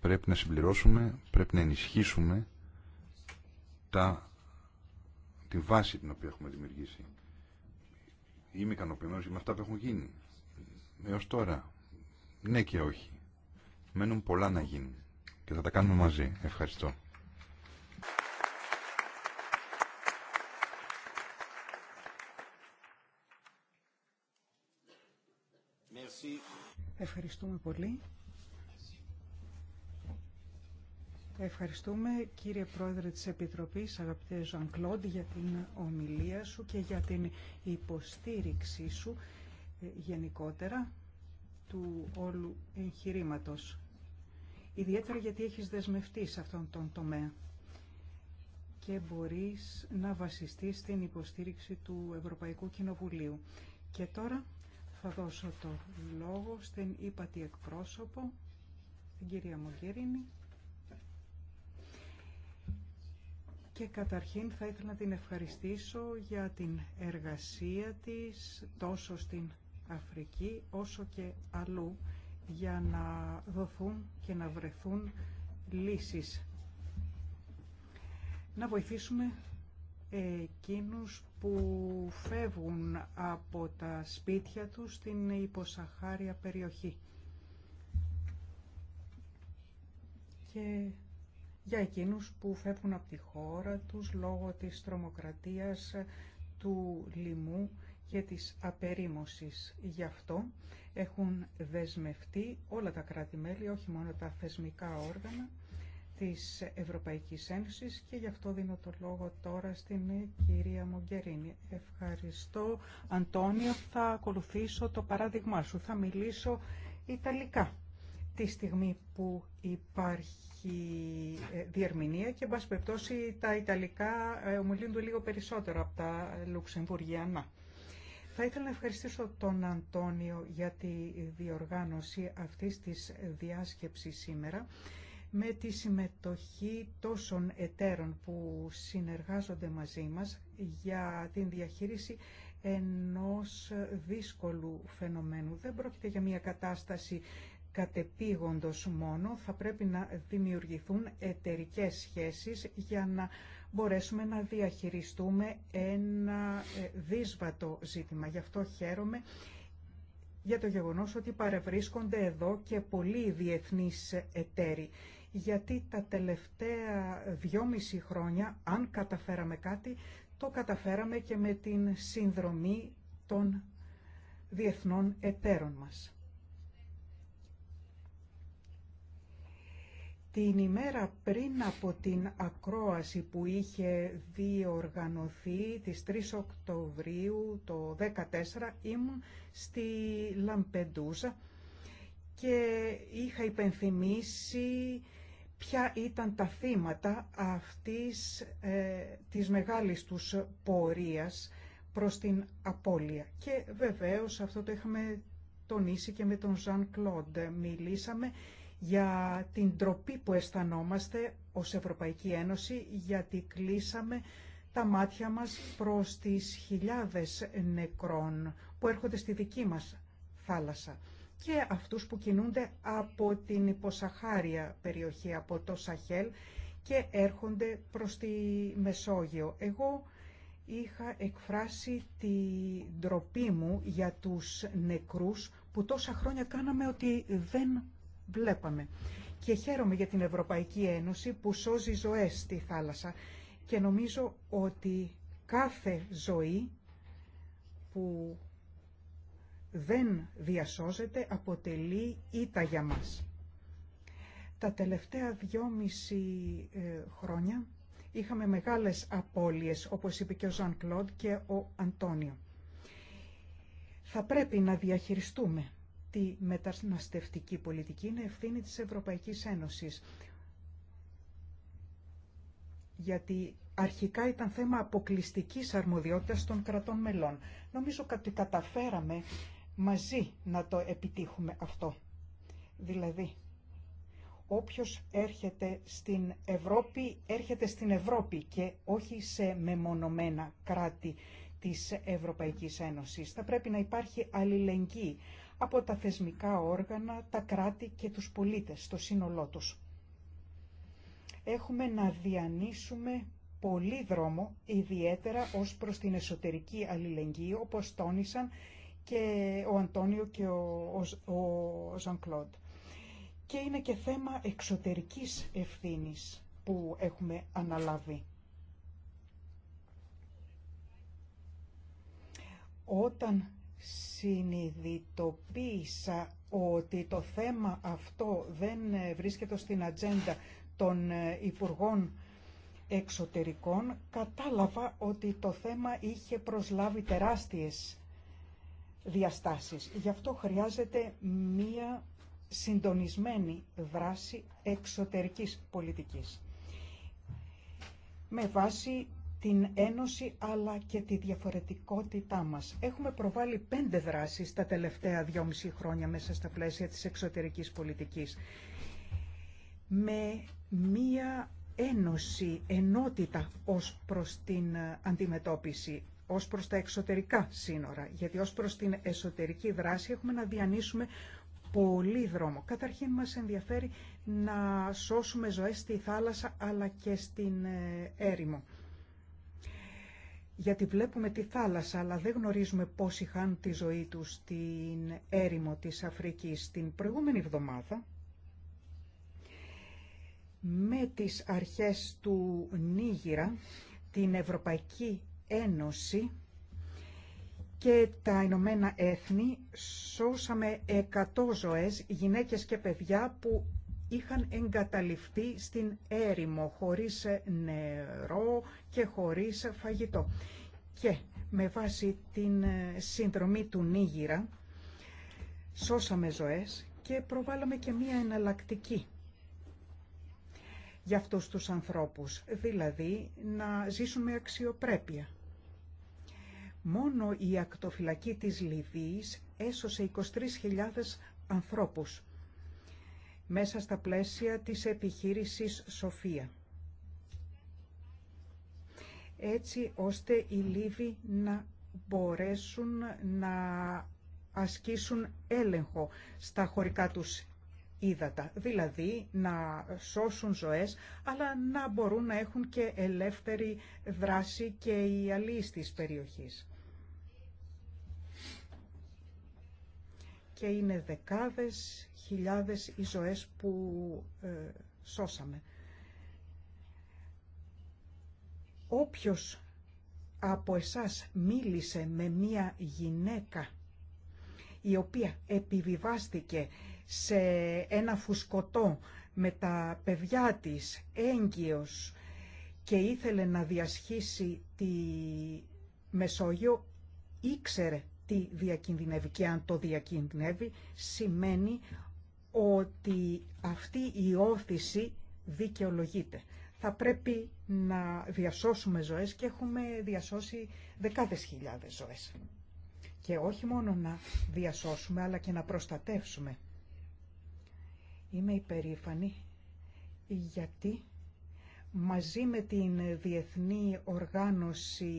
Πρέπει να συμπληρώσουμε, πρέπει να ενισχύσουμε τα, τη βάση την οποία έχουμε δημιουργήσει. Είμαι ικανοποιημένος με αυτά που έχουν γίνει. Έως τώρα, ναι και όχι. Μένουν πολλά να γίνουν και θα τα κάνουμε μαζί. Ευχαριστώ. Ευχαριστούμε πολύ. Ευχαριστούμε κύριε Πρόεδρε της Επιτροπής, αγαπητέ Ζαν Κλόντ, για την ομιλία σου και για την υποστήριξή σου ε, γενικότερα του όλου εγχειρήματο. Ιδιαίτερα γιατί έχεις δεσμευτεί σε αυτόν τον τομέα και μπορείς να βασιστείς στην υποστήριξη του Ευρωπαϊκού Κοινοβουλίου. Και τώρα θα δώσω το λόγο στην ύπατη εκπρόσωπο, την κυρία Μογκερίνη, και καταρχήν θα ήθελα να την ευχαριστήσω για την εργασία της τόσο στην Αφρική όσο και αλλού για να δοθούν και να βρεθούν λύσεις. Να βοηθήσουμε εκείνους που φεύγουν από τα σπίτια τους στην υποσαχάρια περιοχή. Και για εκείνους που φεύγουν από τη χώρα τους λόγω της τρομοκρατίας, ε, του λοιμού και της απερίμωσης. Γι' αυτό έχουν δεσμευτεί όλα τα κράτη-μέλη, όχι μόνο τα θεσμικά όργανα της Ευρωπαϊκής Ένωσης και γι' αυτό δίνω το λόγο τώρα στην κυρία Μογκερίνη. Ευχαριστώ Αντώνιο, θα ακολουθήσω το παράδειγμά σου, θα μιλήσω Ιταλικά τη στιγμή που υπάρχει ε, διερμηνία και, εν πάση τα Ιταλικά ε, ομιλούνται λίγο περισσότερο από τα Λουξεμβουργιανά. Θα ήθελα να ευχαριστήσω τον Αντώνιο για τη διοργάνωση αυτής της διάσκεψης σήμερα με τη συμμετοχή τόσων εταίρων που συνεργάζονται μαζί μας για την διαχείριση ενός δύσκολου φαινομένου. Δεν πρόκειται για μια κατάσταση κατεπήγοντος μόνο, θα πρέπει να δημιουργηθούν εταιρικές σχέσεις για να μπορέσουμε να διαχειριστούμε ένα ε, δύσβατο ζήτημα. Γι' αυτό χαίρομαι για το γεγονός ότι παρευρίσκονται εδώ και πολλοί διεθνείς εταίροι. Γιατί τα τελευταία δυόμιση χρόνια, αν καταφέραμε κάτι, το καταφέραμε και με την συνδρομή των διεθνών εταίρων μας. την ημέρα πριν από την ακρόαση που είχε διοργανωθεί τις 3 Οκτωβρίου το 2014 ήμουν στη Λαμπεντούζα και είχα υπενθυμίσει ποια ήταν τα θύματα αυτής ε, της μεγάλης τους πορείας προς την απώλεια. Και βεβαίως αυτό το είχαμε τονίσει και με τον Ζαν Κλοντ. Μιλήσαμε για την τροπή που αισθανόμαστε ως Ευρωπαϊκή Ένωση γιατί κλείσαμε τα μάτια μας προς τις χιλιάδες νεκρών που έρχονται στη δική μας θάλασσα και αυτούς που κινούνται από την υποσαχάρια περιοχή, από το Σαχέλ και έρχονται προς τη Μεσόγειο. Εγώ είχα εκφράσει την ντροπή μου για τους νεκρούς που τόσα χρόνια κάναμε ότι δεν βλέπαμε. Και χαίρομαι για την Ευρωπαϊκή Ένωση που σώζει ζωές στη θάλασσα και νομίζω ότι κάθε ζωή που δεν διασώζεται αποτελεί ήττα για μας. Τα τελευταία δυόμιση ε, χρόνια είχαμε μεγάλες απώλειες, όπως είπε και ο Ζαν Κλοντ και ο Αντώνιο. Θα πρέπει να διαχειριστούμε τη μεταναστευτική πολιτική είναι ευθύνη της Ευρωπαϊκής Ένωσης. Γιατί αρχικά ήταν θέμα αποκλειστικής αρμοδιότητας των κρατών μελών. Νομίζω ότι καταφέραμε μαζί να το επιτύχουμε αυτό. Δηλαδή, όποιος έρχεται στην Ευρώπη, έρχεται στην Ευρώπη και όχι σε μεμονωμένα κράτη της Ευρωπαϊκής Ένωσης. Θα πρέπει να υπάρχει αλληλεγγύη από τα θεσμικά όργανα, τα κράτη και τους πολίτες στο σύνολό τους. Έχουμε να διανύσουμε πολύ δρόμο, ιδιαίτερα ως προς την εσωτερική αλληλεγγύη, όπως τόνισαν και ο Αντώνιο και ο, Ζαν Κλοντ. Και είναι και θέμα εξωτερικής ευθύνης που έχουμε αναλάβει. Όταν συνειδητοποίησα ότι το θέμα αυτό δεν ε, βρίσκεται στην ατζέντα των ε, Υπουργών Εξωτερικών, κατάλαβα ότι το θέμα είχε προσλάβει τεράστιες διαστάσεις. Γι' αυτό χρειάζεται μία συντονισμένη δράση εξωτερικής πολιτικής με βάση την Ένωση αλλά και τη διαφορετικότητά μας. Έχουμε προβάλει πέντε δράσεις τα τελευταία δυόμιση χρόνια μέσα στα πλαίσια της εξωτερικής πολιτικής. Με μία ένωση, ενότητα ως προς την αντιμετώπιση, ως προς τα εξωτερικά σύνορα, γιατί ως προς την εσωτερική δράση έχουμε να διανύσουμε πολύ δρόμο. Καταρχήν μας ενδιαφέρει να σώσουμε ζωές στη θάλασσα αλλά και στην ε, έρημο γιατί βλέπουμε τη θάλασσα, αλλά δεν γνωρίζουμε πώς είχαν τη ζωή τους στην έρημο της Αφρικής την προηγούμενη εβδομάδα. Με τις αρχές του Νίγηρα, την Ευρωπαϊκή Ένωση και τα Ηνωμένα Έθνη σώσαμε 100 ζωές, γυναίκες και παιδιά που είχαν εγκαταλειφθεί στην έρημο χωρίς νερό και χωρίς φαγητό. Και με βάση την ε, συνδρομή του Νίγηρα σώσαμε ζωές και προβάλαμε και μία εναλλακτική για αυτούς τους ανθρώπους, δηλαδή να ζήσουν με αξιοπρέπεια. Μόνο η ακτοφυλακή της Λιβύης έσωσε 23.000 ανθρώπους μέσα στα πλαίσια της επιχείρησης Σοφία. Έτσι ώστε οι Λίβοι να μπορέσουν να ασκήσουν έλεγχο στα χωρικά τους ύδατα, δηλαδή να σώσουν ζωές, αλλά να μπορούν να έχουν και ελεύθερη δράση και οι αλλοί της περιοχής. και είναι δεκάδες, χιλιάδες οι ζωές που ε, σώσαμε. Όποιος από εσάς μίλησε με μία γυναίκα η οποία επιβιβάστηκε σε ένα φουσκωτό με τα παιδιά της έγκυος και ήθελε να διασχίσει τη Μεσόγειο, ήξερε τι διακινδυνεύει και αν το διακινδυνεύει σημαίνει ότι αυτή η όθηση δικαιολογείται. Θα πρέπει να διασώσουμε ζωές και έχουμε διασώσει δεκάδες χιλιάδες ζωές. Και όχι μόνο να διασώσουμε αλλά και να προστατεύσουμε. Είμαι υπερήφανη γιατί μαζί με την Διεθνή Οργάνωση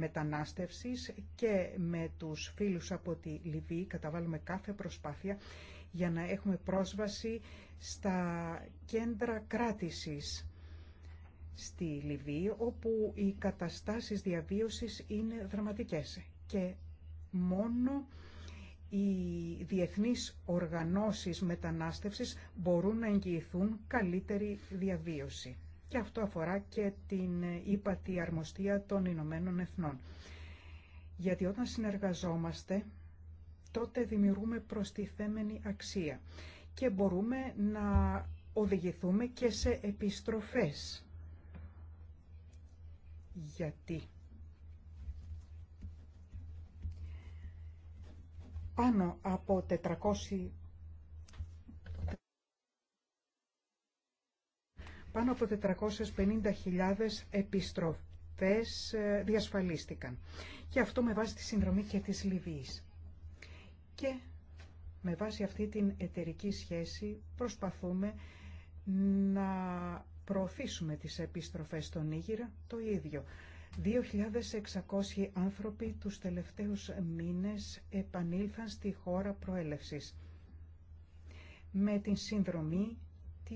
μετανάστευσης και με τους φίλους από τη Λιβύη καταβάλουμε κάθε προσπάθεια για να έχουμε πρόσβαση στα κέντρα κράτησης στη Λιβύη όπου οι καταστάσεις διαβίωσης είναι δραματικές και μόνο οι διεθνείς οργανώσεις μετανάστευσης μπορούν να εγγυηθούν καλύτερη διαβίωση και αυτό αφορά και την ύπατη αρμοστία των Ηνωμένων Εθνών. Γιατί όταν συνεργαζόμαστε, τότε δημιουργούμε προστιθέμενη αξία και μπορούμε να οδηγηθούμε και σε επιστροφές. Γιατί πάνω από 400 πάνω από 450.000 επιστροφές ε, διασφαλίστηκαν. Και αυτό με βάση τη συνδρομή και της Λιβύης. Και με βάση αυτή την εταιρική σχέση προσπαθούμε να προωθήσουμε τις επιστροφές στον Ήγηρα το ίδιο. 2.600 άνθρωποι τους τελευταίους μήνες επανήλθαν στη χώρα προέλευσης με την συνδρομή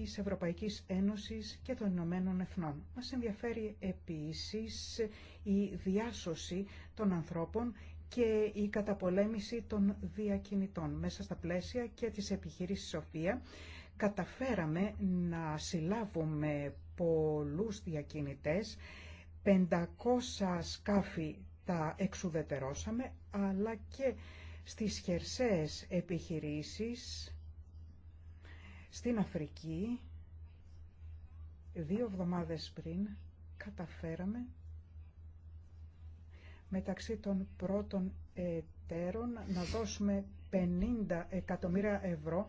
της Ευρωπαϊκής Ένωσης και των Ηνωμένων Εθνών. Μας ενδιαφέρει επίσης η διάσωση των ανθρώπων και η καταπολέμηση των διακινητών. Μέσα στα πλαίσια και τις επιχείρησης Σοφία καταφέραμε να συλλάβουμε πολλούς διακινητές, 500 σκάφη τα εξουδετερώσαμε, αλλά και στις χερσαίες επιχειρήσεις στην Αφρική, δύο εβδομάδες πριν, καταφέραμε μεταξύ των πρώτων εταίρων να δώσουμε 50 εκατομμύρια ευρώ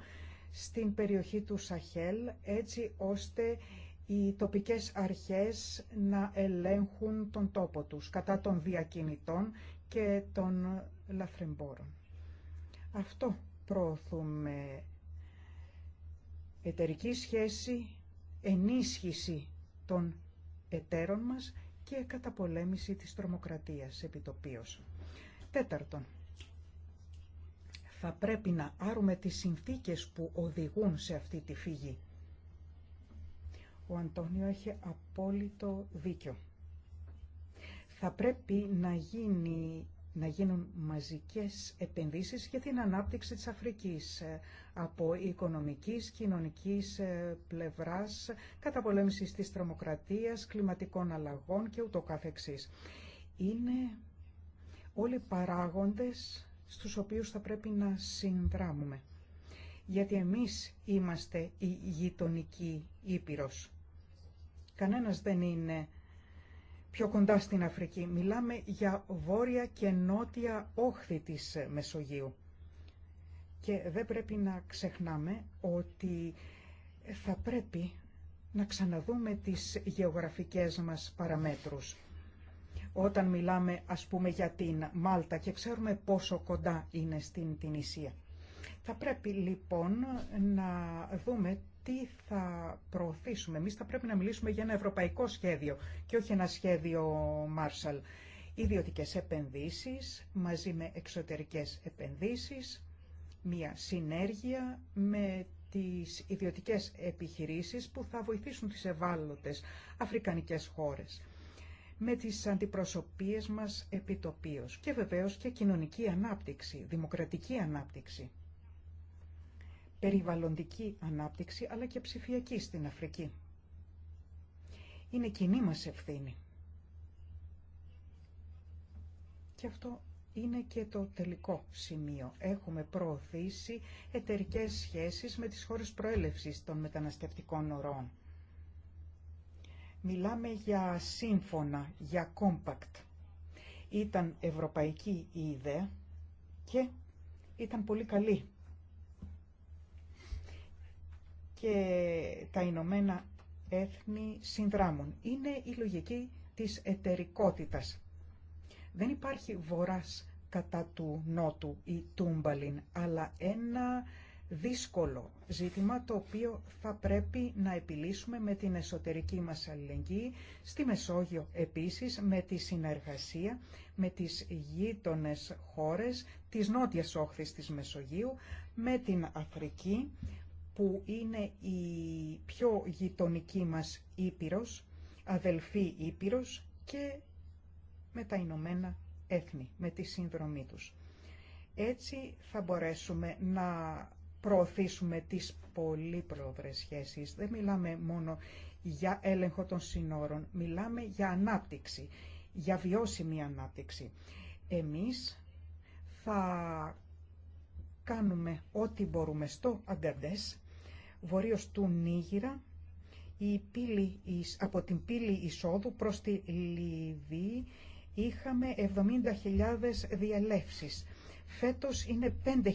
στην περιοχή του Σαχέλ έτσι ώστε οι τοπικές αρχές να ελέγχουν τον τόπο τους κατά των διακινητών και των λαθρεμπόρων. Αυτό προωθούμε εταιρική σχέση, ενίσχυση των εταίρων μας και καταπολέμηση της τρομοκρατίας επιτοπίως. Τέταρτον, θα πρέπει να άρουμε τις συνθήκες που οδηγούν σε αυτή τη φύγη. Ο Αντώνιο έχει απόλυτο δίκιο. Θα πρέπει να γίνει να γίνουν μαζικές επενδύσεις για την ανάπτυξη της Αφρικής ε, από οικονομικής, κοινωνικής ε, πλευράς, καταπολέμησης της τρομοκρατίας, κλιματικών αλλαγών και ούτω καθεξής. Είναι όλοι παράγοντες στους οποίους θα πρέπει να συνδράμουμε. Γιατί εμείς είμαστε η γειτονική Ήπειρος. Κανένας δεν είναι πιο κοντά στην Αφρική. Μιλάμε για βόρεια και νότια όχθη της Μεσογείου. Και δεν πρέπει να ξεχνάμε ότι θα πρέπει να ξαναδούμε τις γεωγραφικές μας παραμέτρους. Όταν μιλάμε ας πούμε για την Μάλτα και ξέρουμε πόσο κοντά είναι στην Τινησία. Θα πρέπει λοιπόν να δούμε τι θα προωθήσουμε. Εμείς θα πρέπει να μιλήσουμε για ένα ευρωπαϊκό σχέδιο και όχι ένα σχέδιο Marshall. Ιδιωτικές επενδύσεις μαζί με εξωτερικές επενδύσεις, μια συνέργεια με τις ιδιωτικές επιχειρήσεις που θα βοηθήσουν τις ευάλωτες αφρικανικές χώρες με τις αντιπροσωπείες μας επιτοπίως και βεβαίως και κοινωνική ανάπτυξη, δημοκρατική ανάπτυξη περιβαλλοντική ανάπτυξη αλλά και ψηφιακή στην Αφρική. Είναι κοινή μας ευθύνη. Και αυτό είναι και το τελικό σημείο. Έχουμε προωθήσει εταιρικέ σχέσεις με τις χώρες προέλευσης των μεταναστευτικών ορών. Μιλάμε για σύμφωνα, για compact. Ήταν ευρωπαϊκή η ιδέα και ήταν πολύ καλή και τα Ηνωμένα Έθνη συνδράμουν. Είναι η λογική της εταιρικότητας. Δεν υπάρχει βοράς κατά του νότου ή τούμπαλιν, αλλά ένα δύσκολο ζήτημα το οποίο θα πρέπει να επιλύσουμε με την εσωτερική μας αλληλεγγύη, στη Μεσόγειο επίσης με τη συνεργασία με τις γείτονες χώρες της νότιας όχθης της Μεσογείου, με την Αφρική που είναι η πιο γειτονική μας Ήπειρος, αδελφή Ήπειρος και με τα Ηνωμένα Έθνη, με τη σύνδρομή τους. Έτσι θα μπορέσουμε να προωθήσουμε τις πολύ σχέσεις. Δεν μιλάμε μόνο για έλεγχο των συνόρων, μιλάμε για ανάπτυξη, για βιώσιμη ανάπτυξη. Εμείς θα κάνουμε ό,τι μπορούμε στο Αγκαντές βορείως του Νίγηρα η πύλη, από την πύλη εισόδου προς τη Λιβύη είχαμε 70.000 διελεύσεις. Φέτος είναι 5.000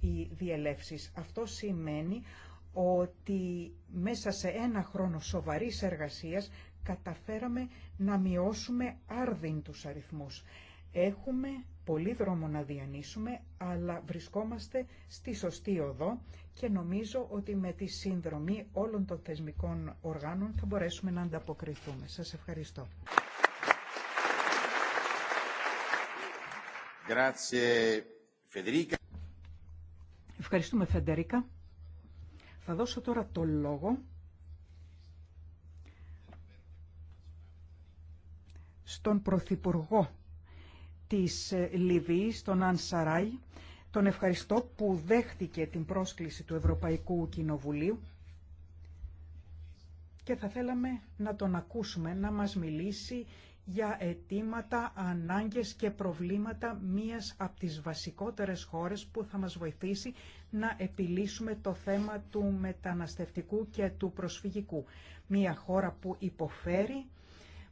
οι διελεύσεις. Αυτό σημαίνει ότι μέσα σε ένα χρόνο σοβαρής εργασίας καταφέραμε να μειώσουμε άρδιν τους αριθμούς. Έχουμε πολύ δρόμο να διανύσουμε, αλλά βρισκόμαστε στη σωστή οδό και νομίζω ότι με τη συνδρομή όλων των θεσμικών οργάνων θα μπορέσουμε να ανταποκριθούμε. Σας ευχαριστώ. Ευχαριστούμε Φεντερίκα. Θα δώσω τώρα το λόγο στον Πρωθυπουργό της ε, Λιβύης, τον Αν Σαράι. Τον ευχαριστώ που δέχτηκε την πρόσκληση του Ευρωπαϊκού Κοινοβουλίου και θα θέλαμε να τον ακούσουμε να μας μιλήσει για αιτήματα, ανάγκες και προβλήματα μίας από τις βασικότερες χώρες που θα μας βοηθήσει να επιλύσουμε το θέμα του μεταναστευτικού και του προσφυγικού. Μία χώρα που υποφέρει,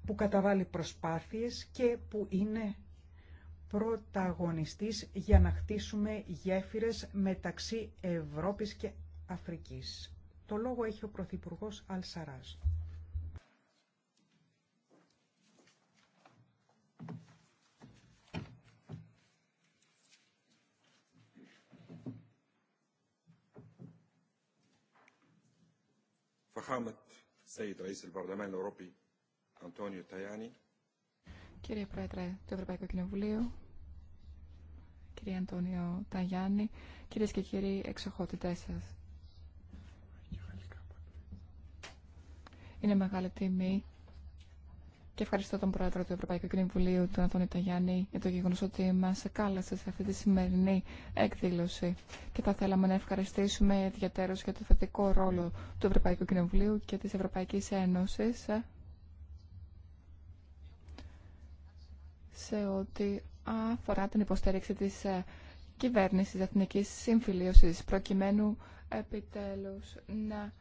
που καταβάλει προσπάθειες και που είναι πρωταγωνιστής για να χτίσουμε γέφυρες μεταξύ Ευρώπης και Αφρικής. Το λόγο έχει ο Πρωθυπουργός Αλσαράζ. فخامة السيد رئيس البرلمان الأوروبي أنطونيو Ταϊάνι. Κύριε Πρόεδρε του Ευρωπαϊκού Κοινοβουλίου, κύριε Αντώνιο Ταγιάννη, κυρίες και κύριοι εξοχότητές σας. Είναι μεγάλη τιμή και ευχαριστώ τον Πρόεδρο του Ευρωπαϊκού Κοινοβουλίου, τον Αντώνιο Ταγιάννη, για το γεγονό ότι μα κάλεσε σε αυτή τη σημερινή εκδήλωση. Και θα θέλαμε να ευχαριστήσουμε ιδιαίτερω για το θετικό ρόλο του Ευρωπαϊκού Κοινοβουλίου και τη Ευρωπαϊκή Ένωση σε ό,τι αφορά την υποστήριξη της ε, κυβέρνησης Εθνικής Συμφιλίωσης προκειμένου επιτέλους να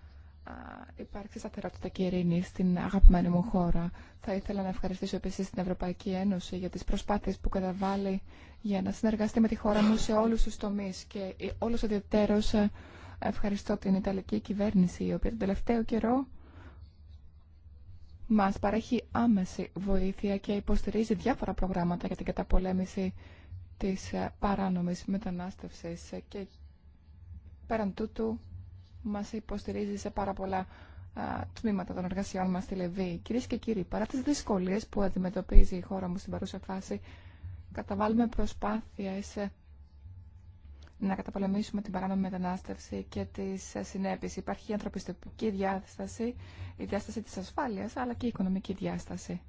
υπάρξει σταθερότητα και ειρήνη στην αγαπημένη μου χώρα. Θα ήθελα να ευχαριστήσω επίσης την Ευρωπαϊκή Ένωση για τις προσπάθειες που καταβάλει για να συνεργαστεί με τη χώρα μου σε όλους τους τομείς και όλους ιδιαιτέρως ε, ευχαριστώ την Ιταλική κυβέρνηση η οποία τον τελευταίο καιρό μας παρέχει άμεση βοήθεια και υποστηρίζει διάφορα προγράμματα για την καταπολέμηση της ε, παράνομης μετανάστευσης ε, και πέραν τούτου μας υποστηρίζει σε πάρα πολλά ε, τμήματα των εργασιών μας στη Λιβύη. Κυρίες και κύριοι, παρά τις δυσκολίες που αντιμετωπίζει η χώρα μου στην παρούσα φάση, καταβάλουμε προσπάθειες να καταπολεμήσουμε την παράνομη μετανάστευση και τις συνέπειε. Υπάρχει η ανθρωπιστική διάσταση, η διάσταση τη ασφάλεια, αλλά και η οικονομική διάσταση.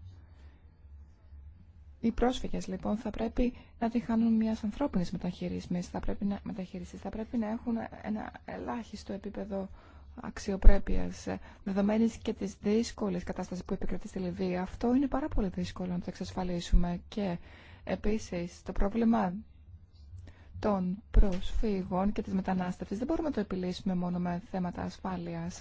Οι πρόσφυγε λοιπόν θα πρέπει να τη χάνουν ανθρώπινη ανθρώπινης θα πρέπει να, έχουν ένα ελάχιστο επίπεδο αξιοπρέπεια, δεδομένη και τη δύσκολη κατάσταση που επικρατεί στη Λιβύη. Αυτό είναι πάρα πολύ δύσκολο να το εξασφαλίσουμε και επίσης το πρόβλημα των προσφύγων και της μετανάστευσης δεν μπορούμε να το επιλύσουμε μόνο με θέματα ασφάλειας.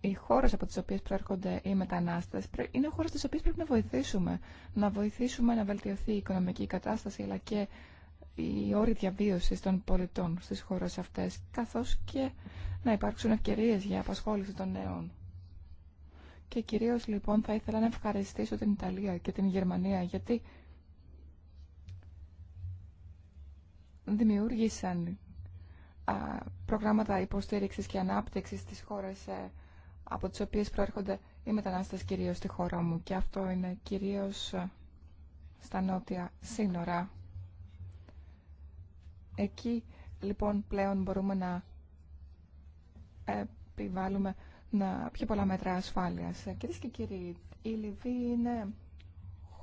Οι χώρε από τι οποίε προέρχονται οι μετανάστες είναι χώρε τι οποίε πρέπει να βοηθήσουμε. Να βοηθήσουμε να βελτιωθεί η οικονομική κατάσταση αλλά και η όροι διαβίωση των πολιτών στι χώρε αυτέ, καθώ και να υπάρξουν ευκαιρίε για απασχόληση των νέων. Και κυρίω λοιπόν θα ήθελα να ευχαριστήσω την Ιταλία και την Γερμανία γιατί δημιούργησαν α, προγράμματα υποστήριξης και ανάπτυξης της χώρες ε, από τις οποίες προέρχονται οι μετανάστες κυρίως στη χώρα μου και αυτό είναι κυρίως ε, στα νότια σύνορα. Εκεί λοιπόν πλέον μπορούμε να επιβάλλουμε να, πιο πολλά μέτρα ασφάλειας. Ε, κυρίες και κύριοι, η Λιβύη είναι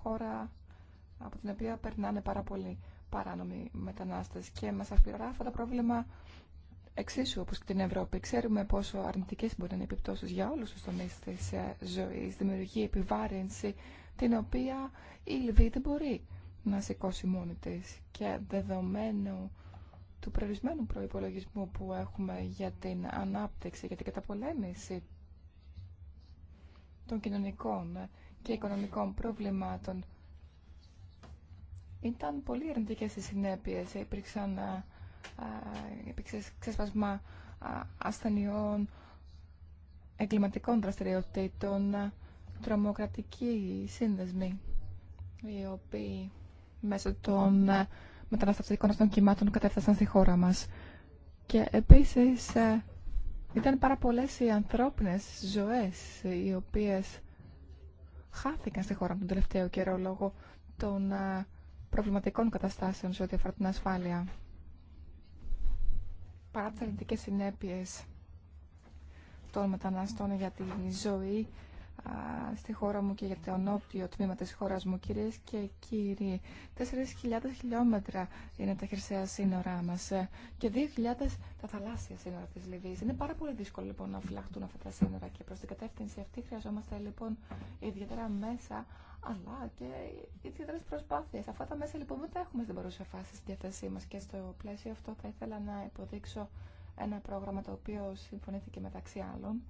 χώρα από την οποία περνάνε πάρα πολλοί παράνομοι μετανάστες και μας αυτό το πρόβλημα εξίσου όπως και την Ευρώπη. Ξέρουμε πόσο αρνητικές μπορεί να είναι οι επιπτώσεις για όλους τους τομείς της ε, ζωής. Δημιουργεί επιβάρυνση την οποία η Λιβύη δεν μπορεί να σηκώσει μόνη τη και δεδομένου του προορισμένου προϋπολογισμού που έχουμε για την ανάπτυξη, για την καταπολέμηση των κοινωνικών και οικονομικών προβλημάτων ήταν πολύ αρνητικέ οι συνέπειε. Υπήρξαν ξέσπασμα ασθενειών, εγκληματικών δραστηριοτήτων, τρομοκρατικοί σύνδεσμοι, οι οποίοι μέσω των μεταναστευτικών αυτών κυμάτων κατέφτασαν στη χώρα μας. Και επίσης ήταν πάρα πολλές οι ανθρώπινες ζωές οι οποίες χάθηκαν στη χώρα τον τελευταίο καιρό λόγω των προβληματικών καταστάσεων σε ό,τι αφορά την ασφάλεια. Παρά τι αρνητικέ συνέπειε των μεταναστών για τη ζωή στη χώρα μου και για το νότιο τμήμα της χώρας μου, κυρίες και κύριοι. 4.000 χιλιόμετρα είναι τα χερσαία σύνορα μας και 2.000 τα θαλάσσια σύνορα της Λιβύης. Είναι πάρα πολύ δύσκολο λοιπόν να φυλαχτούν αυτά τα σύνορα και προς την κατεύθυνση αυτή χρειαζόμαστε λοιπόν ιδιαίτερα μέσα αλλά και ιδιαίτερε προσπάθειε. Αυτά τα μέσα λοιπόν δεν τα έχουμε στην παρούσα φάση στη διάθεσή μα. και στο πλαίσιο αυτό θα ήθελα να υποδείξω ένα πρόγραμμα το οποίο συμφωνήθηκε μεταξύ άλλων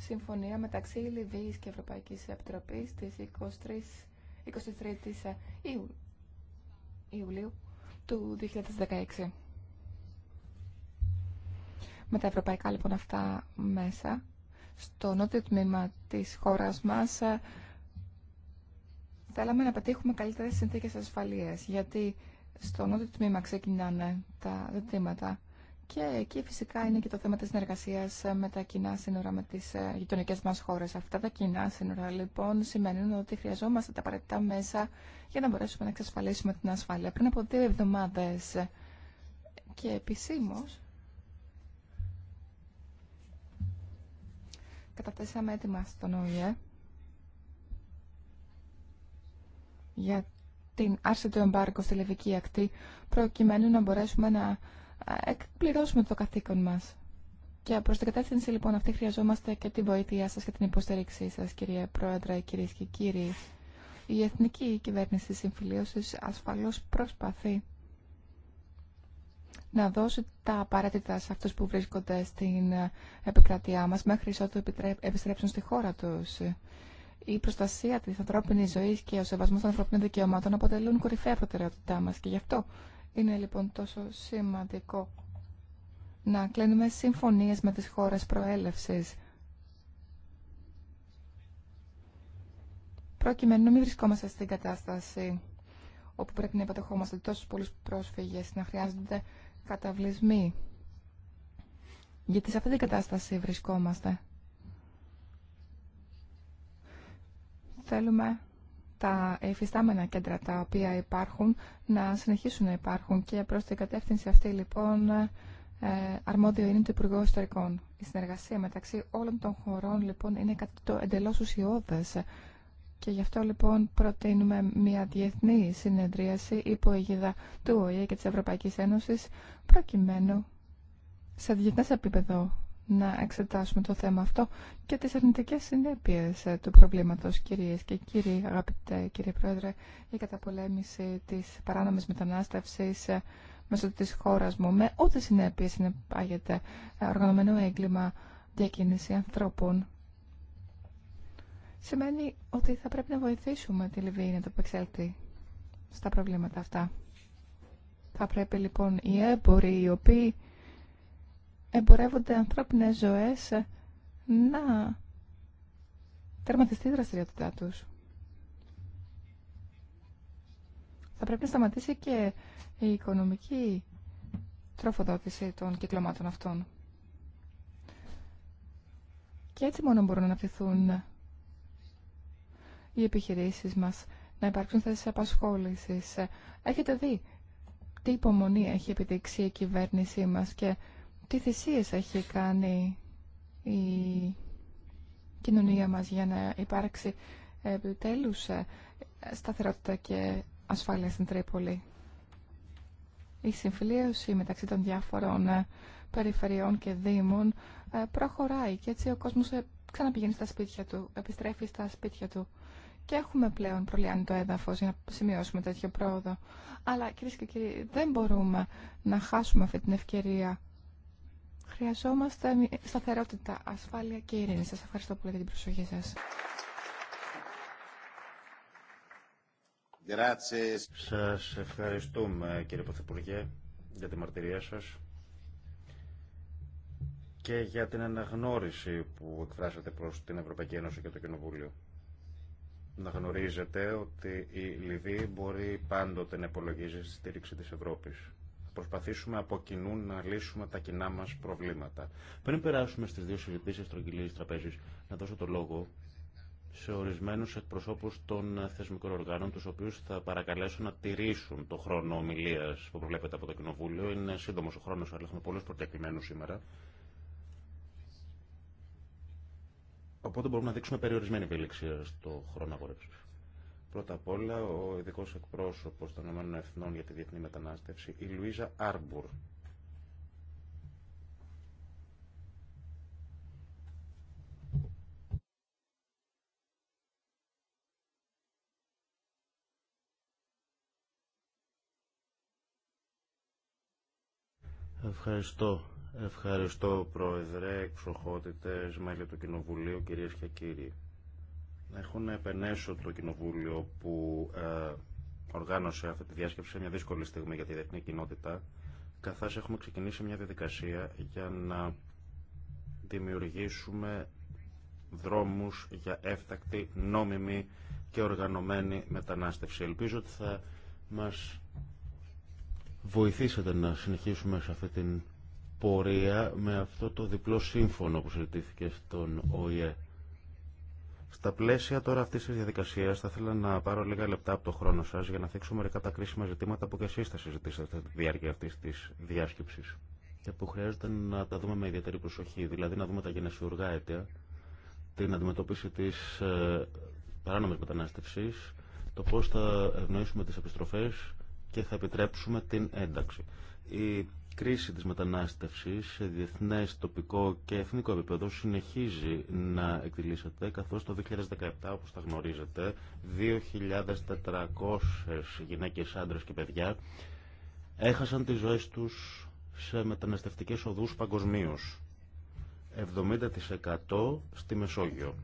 συμφωνία μεταξύ Λιβύης και Ευρωπαϊκής Επιτροπής της 23, 23 ε, Ιου, Ιουλίου του 2016. Με τα ευρωπαϊκά λοιπόν αυτά μέσα, στο νότιο τμήμα της χώρας μας, ε, θέλαμε να πετύχουμε καλύτερες συνθήκες ασφαλείας, γιατί στο νότιο τμήμα ξεκινάνε τα ζητήματα και εκεί φυσικά είναι και το θέμα της συνεργασίας με τα κοινά σύνορα, με τις ε, γειτονικέ μας χώρες. Αυτά τα κοινά σύνορα λοιπόν σημαίνουν ότι χρειαζόμαστε τα απαραίτητα μέσα για να μπορέσουμε να εξασφαλίσουμε την ασφάλεια. Πριν από δύο εβδομάδες και επισήμω καταθέσαμε έτοιμα στον ΟΗΕ για την άρση του εμπάρκου στη Λευκή Ακτή προκειμένου να μπορέσουμε να εκπληρώσουμε το καθήκον μας. Και προς την κατεύθυνση λοιπόν αυτή χρειαζόμαστε και τη βοήθειά σας και την υποστήριξή σας κύριε Πρόεδρε, κυρίε και κύριοι. Η Εθνική Κυβέρνηση Συμφιλίωσης ασφαλώς προσπαθεί να δώσει τα απαραίτητα σε αυτούς που βρίσκονται στην ε, επικρατειά μας μέχρι ότου επιστρέψουν στη χώρα τους. Η προστασία της ανθρώπινης ζωής και ο σεβασμός των ανθρωπίνων δικαιωμάτων αποτελούν κορυφαία προτεραιότητά μας και γι' αυτό είναι λοιπόν τόσο σημαντικό να κλείνουμε συμφωνίες με τις χώρες προέλευσης προκειμένου να μην βρισκόμαστε στην κατάσταση όπου πρέπει να υποδεχόμαστε τόσους πολλούς πρόσφυγες, να χρειάζονται καταβλισμοί. Γιατί σε αυτή την κατάσταση βρισκόμαστε. Θέλουμε τα εφιστάμενα κέντρα τα οποία υπάρχουν να συνεχίσουν να υπάρχουν και προς την κατεύθυνση αυτή λοιπόν ε, αρμόδιο είναι το Υπουργό Ιστορικών. Η συνεργασία μεταξύ όλων των χωρών λοιπόν είναι κάτι το εντελώς ουσιώδες και γι' αυτό λοιπόν προτείνουμε μια διεθνή συνεδρίαση υπό αιγίδα του ΟΗΕ και της Ευρωπαϊκής Ένωσης προκειμένου σε διεθνές επίπεδο να εξετάσουμε το θέμα αυτό και τις αρνητικές συνέπειες ε, του προβλήματος, κυρίες και κύριοι, αγαπητέ κύριε Πρόεδρε, η καταπολέμηση της παράνομης μετανάστευσης ε, μέσω της χώρας μου, με ό,τι συνέπειες συνεπάγεται ε, οργανωμένο έγκλημα διακίνηση ανθρώπων. Σημαίνει ότι θα πρέπει να βοηθήσουμε τη Λιβύη να το επεξέλθει στα προβλήματα αυτά. Θα πρέπει λοιπόν οι έμποροι οι οποίοι εμπορεύονται ανθρώπινες ζωές να τερματιστεί η δραστηριότητά τους. Θα πρέπει να σταματήσει και η οικονομική τροφοδότηση των κυκλωμάτων αυτών. Και έτσι μόνο μπορούν να αναπτυχθούν οι επιχειρήσεις μας, να υπάρξουν θέσεις απασχόλησης. Έχετε δει τι υπομονή έχει επιδείξει η κυβέρνησή μας και τι θυσίες έχει κάνει η κοινωνία μας για να υπάρξει επιτέλου ε, σταθερότητα και ασφάλεια στην Τρίπολη. Η συμφιλίωση μεταξύ των διάφορων ε, περιφερειών και δήμων ε, προχωράει και έτσι ο κόσμος ξαναπηγαίνει στα σπίτια του, επιστρέφει στα σπίτια του. Και έχουμε πλέον προλιάνει το έδαφος για να σημειώσουμε τέτοιο πρόοδο. Αλλά κυρίε και κύριοι δεν μπορούμε να χάσουμε αυτή την ευκαιρία Χρειαζόμαστε σταθερότητα, ασφάλεια και ειρήνη. Σας ευχαριστώ πολύ για την προσοχή σας. Σας ευχαριστούμε κύριε Πρωθυπουργέ για τη μαρτυρία σας και για την αναγνώριση που εκφράσατε προς την Ευρωπαϊκή Ένωση και το Κοινοβούλιο. Να γνωρίζετε ότι η Λιβύη μπορεί πάντοτε να υπολογίζει στη στήριξη της Ευρώπης προσπαθήσουμε από κοινού να λύσουμε τα κοινά μας προβλήματα. Πριν περάσουμε στις δύο των τρογγυλής τραπέζη να δώσω το λόγο σε ορισμένους εκπροσώπους των θεσμικών οργάνων, τους οποίους θα παρακαλέσω να τηρήσουν το χρόνο ομιλία που προβλέπεται από το Κοινοβούλιο. Είναι σύντομο ο χρόνο, αλλά έχουμε πολλούς προτεκτημένου σήμερα. Οπότε μπορούμε να δείξουμε περιορισμένη ευελιξία στο χρόνο αγόρευσης. Πρώτα απ' όλα, ο ειδικό εκπρόσωπο των ΗΕ για τη διεθνή μετανάστευση, η Λουίζα Άρμπουρ. Ευχαριστώ. Ευχαριστώ, Πρόεδρε, εξοχότητες, μέλη του Κοινοβουλίου, κυρίες και κύριοι. Έχω να επενέσω το Κοινοβούλιο που ε, οργάνωσε αυτή τη διάσκεψη σε μια δύσκολη στιγμή για τη διεθνή κοινότητα, καθώς έχουμε ξεκινήσει μια διαδικασία για να δημιουργήσουμε δρόμους για έφτακτη, νόμιμη και οργανωμένη μετανάστευση. Ελπίζω ότι θα μας βοηθήσετε να συνεχίσουμε σε αυτή την πορεία με αυτό το διπλό σύμφωνο που συζητήθηκε στον ΟΗΕ. Στα πλαίσια τώρα αυτή τη διαδικασία, θα ήθελα να πάρω λίγα λεπτά από το χρόνο σα για να θίξω μερικά τα κρίσιμα ζητήματα που και εσεί θα συζητήσετε κατά τη διάρκεια αυτή τη διάσκεψη και που χρειάζεται να τα δούμε με ιδιαίτερη προσοχή. Δηλαδή, να δούμε τα γενεσιουργά αίτια, την αντιμετώπιση τη ε, παράνομη μετανάστευση, το πώ θα ευνοήσουμε τι επιστροφέ και θα επιτρέψουμε την ένταξη κρίση της μετανάστευσης σε διεθνές, τοπικό και εθνικό επίπεδο συνεχίζει να εκδηλήσεται, καθώς το 2017 όπως τα γνωρίζετε 2.400 γυναίκες, άντρες και παιδιά έχασαν τις ζωές τους σε μεταναστευτικές οδούς παγκοσμίως, 70% στη Μεσόγειο.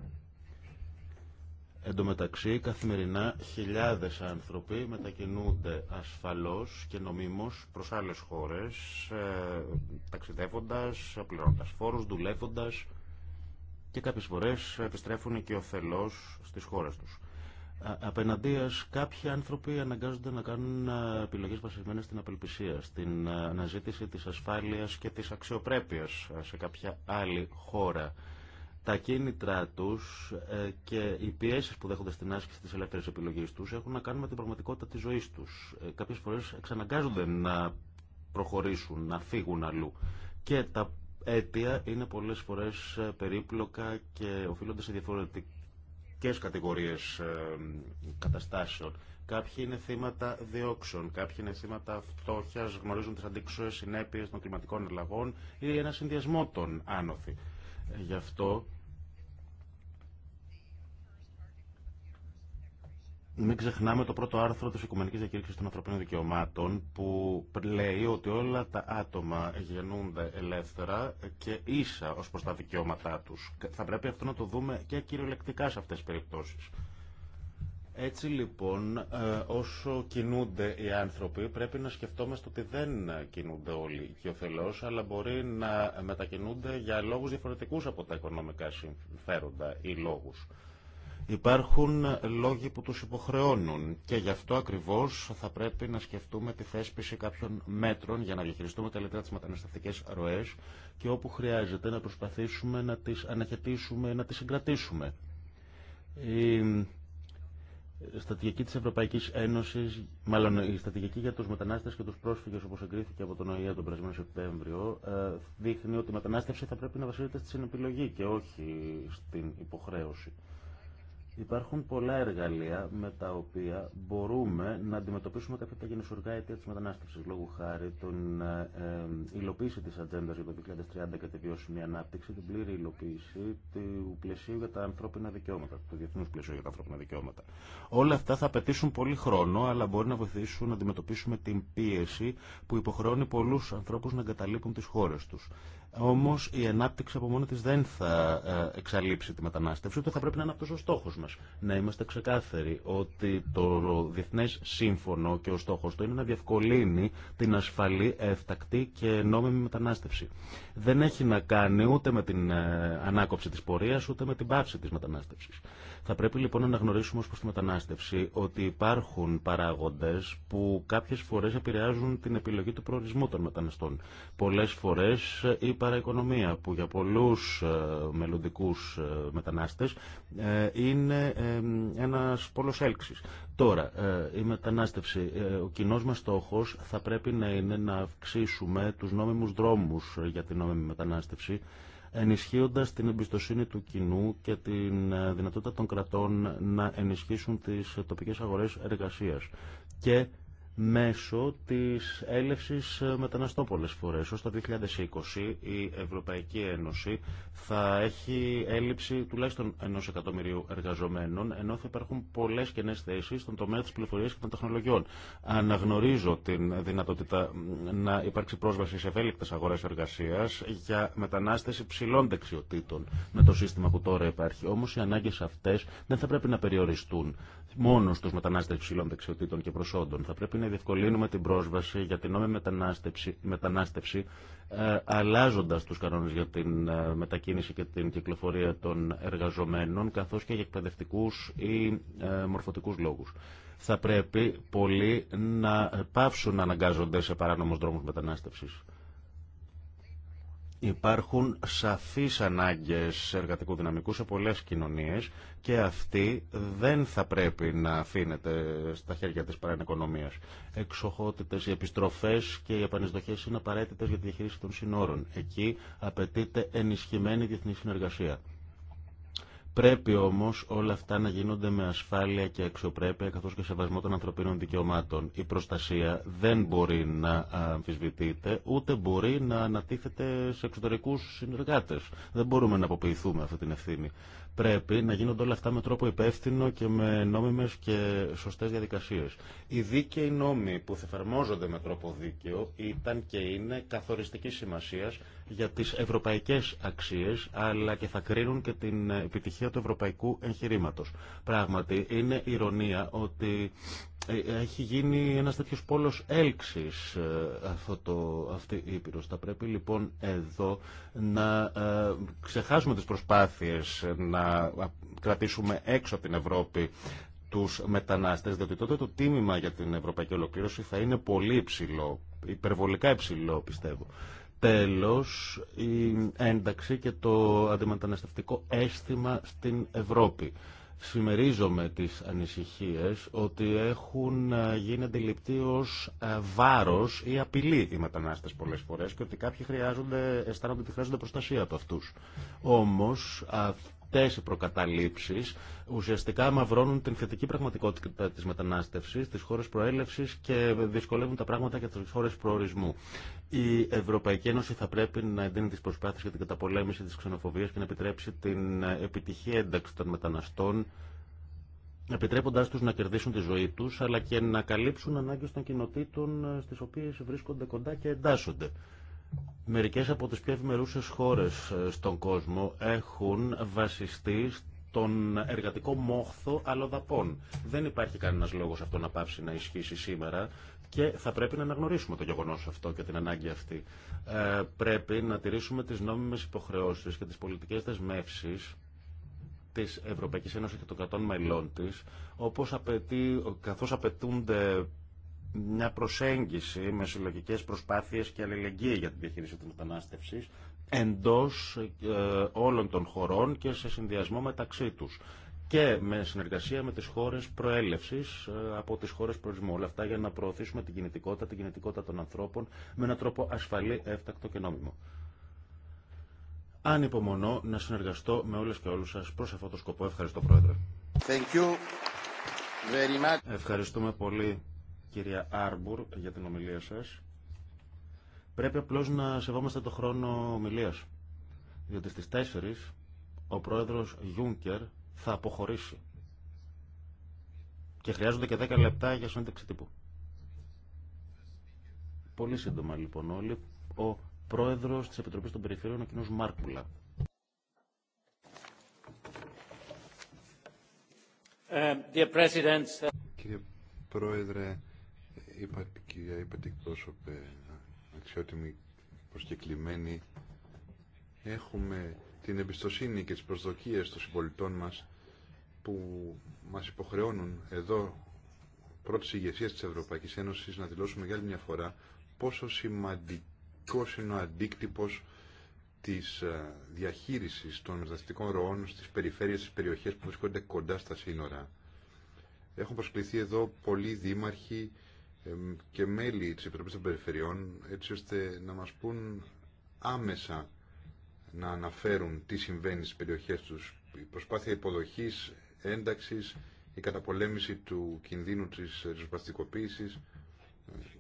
Εν τω μεταξύ, καθημερινά χιλιάδες άνθρωποι μετακινούνται ασφαλώς και νομίμως προς άλλες χώρες, ε, ταξιδεύοντας, πληρώνοντας φόρους, δουλεύοντας και κάποιες φορές επιστρέφουν και θελός στις χώρες τους. Απέναντίας κάποιοι άνθρωποι αναγκάζονται να κάνουν ε, επιλογές βασισμένες στην απελπισία, στην ε, αναζήτηση της ασφάλειας και της αξιοπρέπειας σε κάποια άλλη χώρα τα κίνητρά του ε, και οι πιέσει που δέχονται στην άσκηση τη ελεύθερη επιλογή του έχουν να κάνουν με την πραγματικότητα τη του. του. Ε, Κάποιε φορέ εξαναγκάζονται να προχωρήσουν, να φύγουν αλλού. Και τα αίτια είναι πολλέ φορέ ε, περίπλοκα και οφείλονται σε διαφορετικές κατηγορίες καταστάσεων. Κάποιοι είναι θύματα διώξεων, κάποιοι είναι θύματα φτώχεια, γνωρίζουν τι αντίξωε συνέπειε των κλιματικών αλλαγών ή ένα συνδυασμό των άνωθη. Γι' αυτό Μην ξεχνάμε το πρώτο άρθρο της Οικουμενικής Διακήρυξης των Ανθρωπίνων Δικαιωμάτων που λέει ότι όλα τα άτομα γεννούνται ελεύθερα και ίσα ως προς τα δικαιώματά τους. Θα πρέπει αυτό να το δούμε και κυριολεκτικά σε αυτές τις περιπτώσεις. Έτσι λοιπόν, ε, όσο κινούνται οι άνθρωποι, πρέπει να σκεφτόμαστε ότι δεν κινούνται όλοι και θελό, αλλά μπορεί να μετακινούνται για λόγους διαφορετικούς από τα οικονομικά συμφέροντα ή λόγους. Υπάρχουν λόγοι που τους υποχρεώνουν και γι' αυτό ακριβώς θα πρέπει να σκεφτούμε τη θέσπιση κάποιων μέτρων για να διαχειριστούμε καλύτερα τις μεταναστευτικές ροές και όπου χρειάζεται να προσπαθήσουμε να τις αναχαιτήσουμε, να τις συγκρατήσουμε. Η στρατηγική της Ευρωπαϊκής Ένωσης, μάλλον η στρατηγική για τους μετανάστες και τους πρόσφυγες όπως εγκρίθηκε από τον ΟΗΕ τον περασμένο Σεπτέμβριο, ε, δείχνει ότι η μετανάστευση θα πρέπει να βασίζεται στην επιλογή και όχι στην υποχρέωση. Υπάρχουν πολλά εργαλεία με τα οποία μπορούμε να αντιμετωπίσουμε κάποια τα γενεσουργά αιτία τη μετανάστευση. Λόγω χάρη την ε, ε, υλοποίηση τη ατζέντα για το 2030 και τη βιώσιμη ανάπτυξη, την πλήρη υλοποίηση του πλαισίου για τα ανθρώπινα δικαιώματα, του διεθνού πλαισίου για τα ανθρώπινα δικαιώματα. Όλα αυτά θα απαιτήσουν πολύ χρόνο, αλλά μπορεί να βοηθήσουν να αντιμετωπίσουμε την πίεση που υποχρεώνει πολλού ανθρώπου να εγκαταλείπουν τι χώρε του. Όμως η ανάπτυξη από μόνη της δεν θα ε, εξαλείψει τη μετανάστευση, ούτε θα πρέπει να είναι αυτός ο στόχος μας. Να είμαστε ξεκάθαροι ότι το Διεθνές Σύμφωνο και ο στόχος του είναι να διευκολύνει την ασφαλή, εφτακτή και νόμιμη μετανάστευση. Δεν έχει να κάνει ούτε με την ε, ανάκοψη της πορείας, ούτε με την πάυση της μετανάστευσης. Θα πρέπει λοιπόν να αναγνωρίσουμε ως προς τη μετανάστευση ότι υπάρχουν παράγοντες που κάποιες φορές επηρεάζουν την επιλογή του προορισμού των μεταναστών. Πολλές φορές η παραοικονομία που για πολλούς ε, μελλοντικού ε, μετανάστες ε, είναι ένας πόλος έλξης. Τώρα, η μετανάστευση, ο κοινός μας στόχος θα πρέπει να είναι να αυξήσουμε τους νόμιμους δρόμους για την νόμιμη μετανάστευση ενισχύοντας την εμπιστοσύνη του κοινού και την ε, δυνατότητα των κρατών να ενισχύσουν τις τοπικές αγορές εργασίας και μέσω της έλευσης μεταναστών πολλές φορές. Ως το 2020 η Ευρωπαϊκή Ένωση θα έχει έλλειψη τουλάχιστον ενός εκατομμυρίου εργαζομένων, ενώ θα υπάρχουν πολλές καινές θέσεις στον τομέα της πληροφορίας και των τεχνολογιών. Αναγνωρίζω την δυνατότητα να υπάρξει πρόσβαση σε ευέλικτες αγορές εργασίας για μετανάστες υψηλών δεξιοτήτων με το σύστημα που τώρα υπάρχει. Όμως οι ανάγκες αυτές δεν θα πρέπει να περιοριστούν μόνο στους μετανάστες υψηλών δεξιοτήτων και προσόντων. Θα πρέπει να διευκολύνουμε την πρόσβαση για την νόμιμη μετανάστευση, μετανάστευση ε, αλλάζοντας τους κανόνες για την ε, μετακίνηση και την κυκλοφορία των εργαζομένων, καθώς και για εκπαιδευτικούς ή ε, μορφωτικούς λόγους. Θα πρέπει πολλοί να πάψουν να αναγκάζονται σε παράνομους δρόμους μετανάστευσης. Υπάρχουν σαφείς ανάγκες εργατικού δυναμικού σε πολλές κοινωνίες και αυτή δεν θα πρέπει να αφήνεται στα χέρια της παρενοικονομίας. Εξοχότητες, οι επιστροφές και οι επανεισδοχές είναι απαραίτητες για τη διαχείριση των συνόρων. Εκεί απαιτείται ενισχυμένη διεθνή συνεργασία. Πρέπει όμως όλα αυτά να γίνονται με ασφάλεια και αξιοπρέπεια καθώς και σεβασμό των ανθρωπίνων δικαιωμάτων. Η προστασία δεν μπορεί να αμφισβητείται ούτε μπορεί να ανατίθεται σε εξωτερικούς συνεργάτες. Δεν μπορούμε να αποποιηθούμε αυτή την ευθύνη. Πρέπει να γίνονται όλα αυτά με τρόπο υπεύθυνο και με νόμιμες και σωστές διαδικασίες. Οι δίκαιοι νόμοι που θα εφαρμόζονται με τρόπο δίκαιο ήταν και είναι καθοριστική σημασίας για τις ευρωπαϊκές αξίες, αλλά και θα κρίνουν και την επιτυχία του ευρωπαϊκού εγχειρήματος. Πράγματι, είναι ηρωνία ότι ε, έχει γίνει ένας τέτοιος πόλος έλξης ε, αυτό το, αυτή η Ήπειρος. Θα πρέπει λοιπόν εδώ να ε, ξεχάσουμε τις προσπάθειες να κρατήσουμε έξω από την Ευρώπη τους μετανάστες, διότι τότε το τίμημα για την ευρωπαϊκή ολοκλήρωση θα είναι πολύ υψηλό, υπερβολικά υψηλό πιστεύω. Τέλος, η ένταξη και το αντιμεταναστευτικό αίσθημα στην Ευρώπη. Σημερίζομαι τις ανησυχίες ότι έχουν ε, γίνει αντιληπτοί ως ε, βάρος ή απειλή οι μετανάστες πολλές φορές και ότι κάποιοι χρειάζονται, αισθάνονται ότι χρειάζονται προστασία από αυτούς. Όμως, Τέσσερι οι προκαταλήψεις ουσιαστικά μαυρώνουν την θετική πραγματικότητα τη μετανάστευση, τη χώρε προέλευση και δυσκολεύουν τα πράγματα για τι χώρε προορισμού. Η Ευρωπαϊκή Ένωση θα πρέπει να εντείνει τι προσπάθειε για την καταπολέμηση τη ξενοφοβία και να επιτρέψει την επιτυχή ένταξη των μεταναστών επιτρέποντα του να κερδίσουν τη ζωή του, αλλά και να καλύψουν ανάγκες των κοινοτήτων ε, στι οποίε βρίσκονται κοντά και εντάσσονται. Μερικές από τις πιο ευημερούσες χώρες ε, στον κόσμο έχουν βασιστεί τον εργατικό μόχθο αλλοδαπών. Δεν υπάρχει κανένας λόγος αυτό να πάψει να ισχύσει σήμερα και θα πρέπει να αναγνωρίσουμε το γεγονός αυτό και την ανάγκη αυτή. Ε, πρέπει να τηρήσουμε τις νόμιμες υποχρεώσεις και τις πολιτικές δεσμεύσεις της Ευρωπαϊκής Ένωσης και των κρατών μελών της, όπως απαιτεί, καθώς απαιτούνται μια προσέγγιση με συλλογικές προσπάθειες και αλληλεγγύη για την διαχείριση της μετανάστευσης εντός ε, όλων των χωρών και σε συνδυασμό μεταξύ τους και με συνεργασία με τις χώρες προέλευσης ε, από τις χώρες προορισμού. Όλα αυτά για να προωθήσουμε την κινητικότητα, την κινητικότητα των ανθρώπων με έναν τρόπο ασφαλή, έφτακτο και νόμιμο. Αν υπομονώ να συνεργαστώ με όλες και όλους σας προς αυτό το σκοπό. Ευχαριστώ Πρόεδρε. Thank you Ευχαριστούμε πολύ κυρία Άρμπουρ, για την ομιλία σας. Πρέπει απλώς να σεβόμαστε το χρόνο ομιλίας. Διότι στις 4 ο πρόεδρος Γιούνκερ θα αποχωρήσει. Και χρειάζονται και 10 λεπτά για συνέντευξη τύπου. Πολύ σύντομα λοιπόν όλοι. Ο πρόεδρος της Επιτροπής των Περιφερειών, ο κ. Μάρκουλα. Ε, Κύριε Πρόεδρε, είπα, κυρία, είπατε εκπρόσωπε, αξιότιμη προσκεκλημένη, έχουμε την εμπιστοσύνη και τις προσδοκίες των συμπολιτών μας που μας υποχρεώνουν εδώ πρώτης ηγεσία της Ευρωπαϊκής Ένωσης να δηλώσουμε για άλλη μια φορά πόσο σημαντικός είναι ο αντίκτυπος της ε, διαχείρισης των μεταστικών ροών στις περιφέρειες, στις περιοχές που βρίσκονται κοντά στα σύνορα. Έχουν προσκληθεί εδώ πολλοί δήμαρχοι, και μέλη της Επιτροπής των Περιφερειών έτσι ώστε να μας πούν άμεσα να αναφέρουν τι συμβαίνει στις περιοχές τους. Η προσπάθεια υποδοχής, ένταξης, η καταπολέμηση του κινδύνου της ριζοσπαστικοποίησης ε,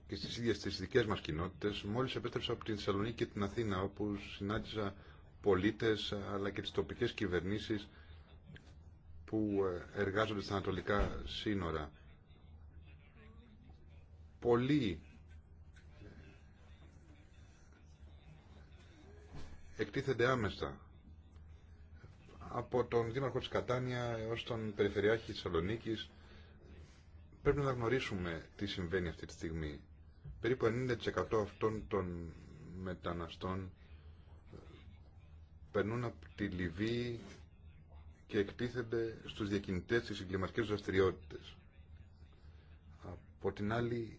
και στις ίδιες τις δικές μας κοινότητες. Μόλις επέστρεψα από την Θεσσαλονίκη και την Αθήνα όπου συνάντησα πολίτες αλλά και τις τοπικές κυβερνήσεις που ε, εργάζονται στα ανατολικά σύνορα πολύ εκτίθενται άμεσα από τον Δήμαρχο της Κατάνια έως τον Περιφερειάρχη της Σαλονίκης. Πρέπει να γνωρίσουμε τι συμβαίνει αυτή τη στιγμή. Περίπου 90% αυτών των μεταναστών περνούν από τη Λιβύη και εκτίθενται στους διακινητές της εγκληματικές δραστηριότητε. Από την άλλη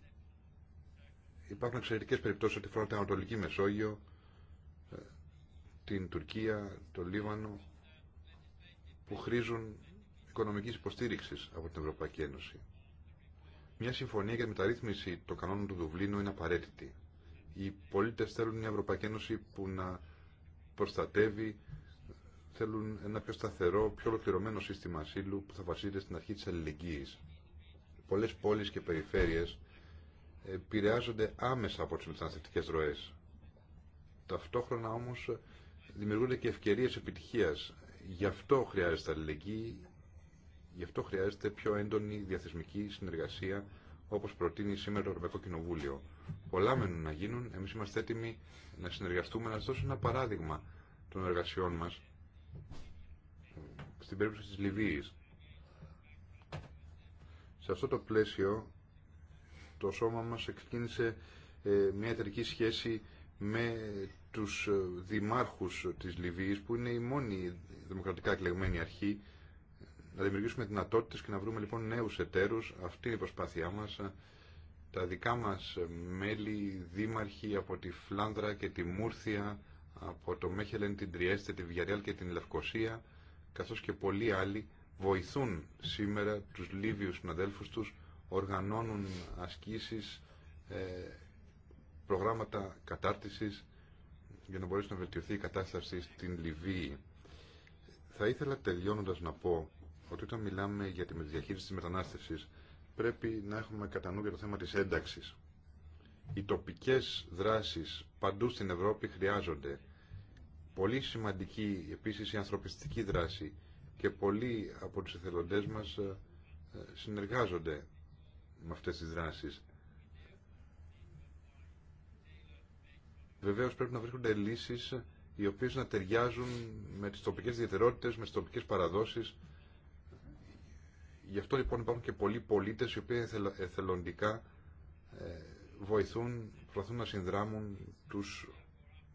Υπάρχουν εξαιρετικέ περιπτώσει ό,τι φορά την Ανατολική Μεσόγειο, ε, την Τουρκία, το Λίβανο, που χρήζουν οικονομική υποστήριξη από την Ευρωπαϊκή Ένωση. Μια συμφωνία για τη μεταρρύθμιση των κανόνων του Δουβλίνου είναι απαραίτητη. Οι πολίτε θέλουν μια Ευρωπαϊκή Ένωση που να προστατεύει, θέλουν ένα πιο σταθερό, πιο ολοκληρωμένο σύστημα ασύλου που θα βασίζεται στην αρχή τη αλληλεγγύη. Πολλέ πόλει και περιφέρειες επηρεάζονται άμεσα από τις μεταναστευτικές ροές. Ταυτόχρονα όμως δημιουργούνται και ευκαιρίες επιτυχίας. Γι' αυτό χρειάζεται αλληλεγγύη, γι' αυτό χρειάζεται πιο έντονη διαθεσμική συνεργασία όπως προτείνει σήμερα το Ευρωπαϊκό Κοινοβούλιο. Πολλά μένουν να γίνουν, εμείς είμαστε έτοιμοι να συνεργαστούμε, να σας δώσω ένα παράδειγμα των εργασιών μας στην περίπτωση της Λιβύης. Σε αυτό το πλαίσιο το σώμα μας ξεκίνησε ε, μια εταιρική σχέση με τους ε, δημάρχους της Λιβύης που είναι η μόνη δημοκρατικά εκλεγμένη αρχή να δημιουργήσουμε δυνατότητες και να βρούμε λοιπόν νέους εταίρους αυτή είναι η προσπάθειά μας τα δικά μας μέλη δήμαρχοι από τη Φλάνδρα και τη Μούρθια από το Μέχελεν, την Τριέστε, τη Βιαρέλ και την Λευκοσία καθώς και πολλοί άλλοι βοηθούν σήμερα τους Λίβιους συναδέλφους τους οργανώνουν ασκήσεις, ε, προγράμματα κατάρτισης για να μπορέσει να βελτιωθεί η κατάσταση στην Λιβύη. Θα ήθελα τελειώνοντας να πω ότι όταν μιλάμε για τη διαχείριση της μετανάστευσης πρέπει να έχουμε κατά νου για το θέμα της ένταξης. Οι τοπικές δράσεις παντού στην Ευρώπη χρειάζονται. Πολύ σημαντική επίσης η ανθρωπιστική δράση και πολλοί από τους εθελοντές μας ε, συνεργάζονται με αυτές τις δράσεις. Βεβαίως πρέπει να βρίσκονται λύσεις οι οποίες να ταιριάζουν με τις τοπικές ιδιαιτερότητες, με τις τοπικές παραδόσεις. Γι' αυτό λοιπόν υπάρχουν και πολλοί πολίτες οι οποίοι εθελοντικά ε, βοηθούν, προσπαθούν να συνδράμουν τους,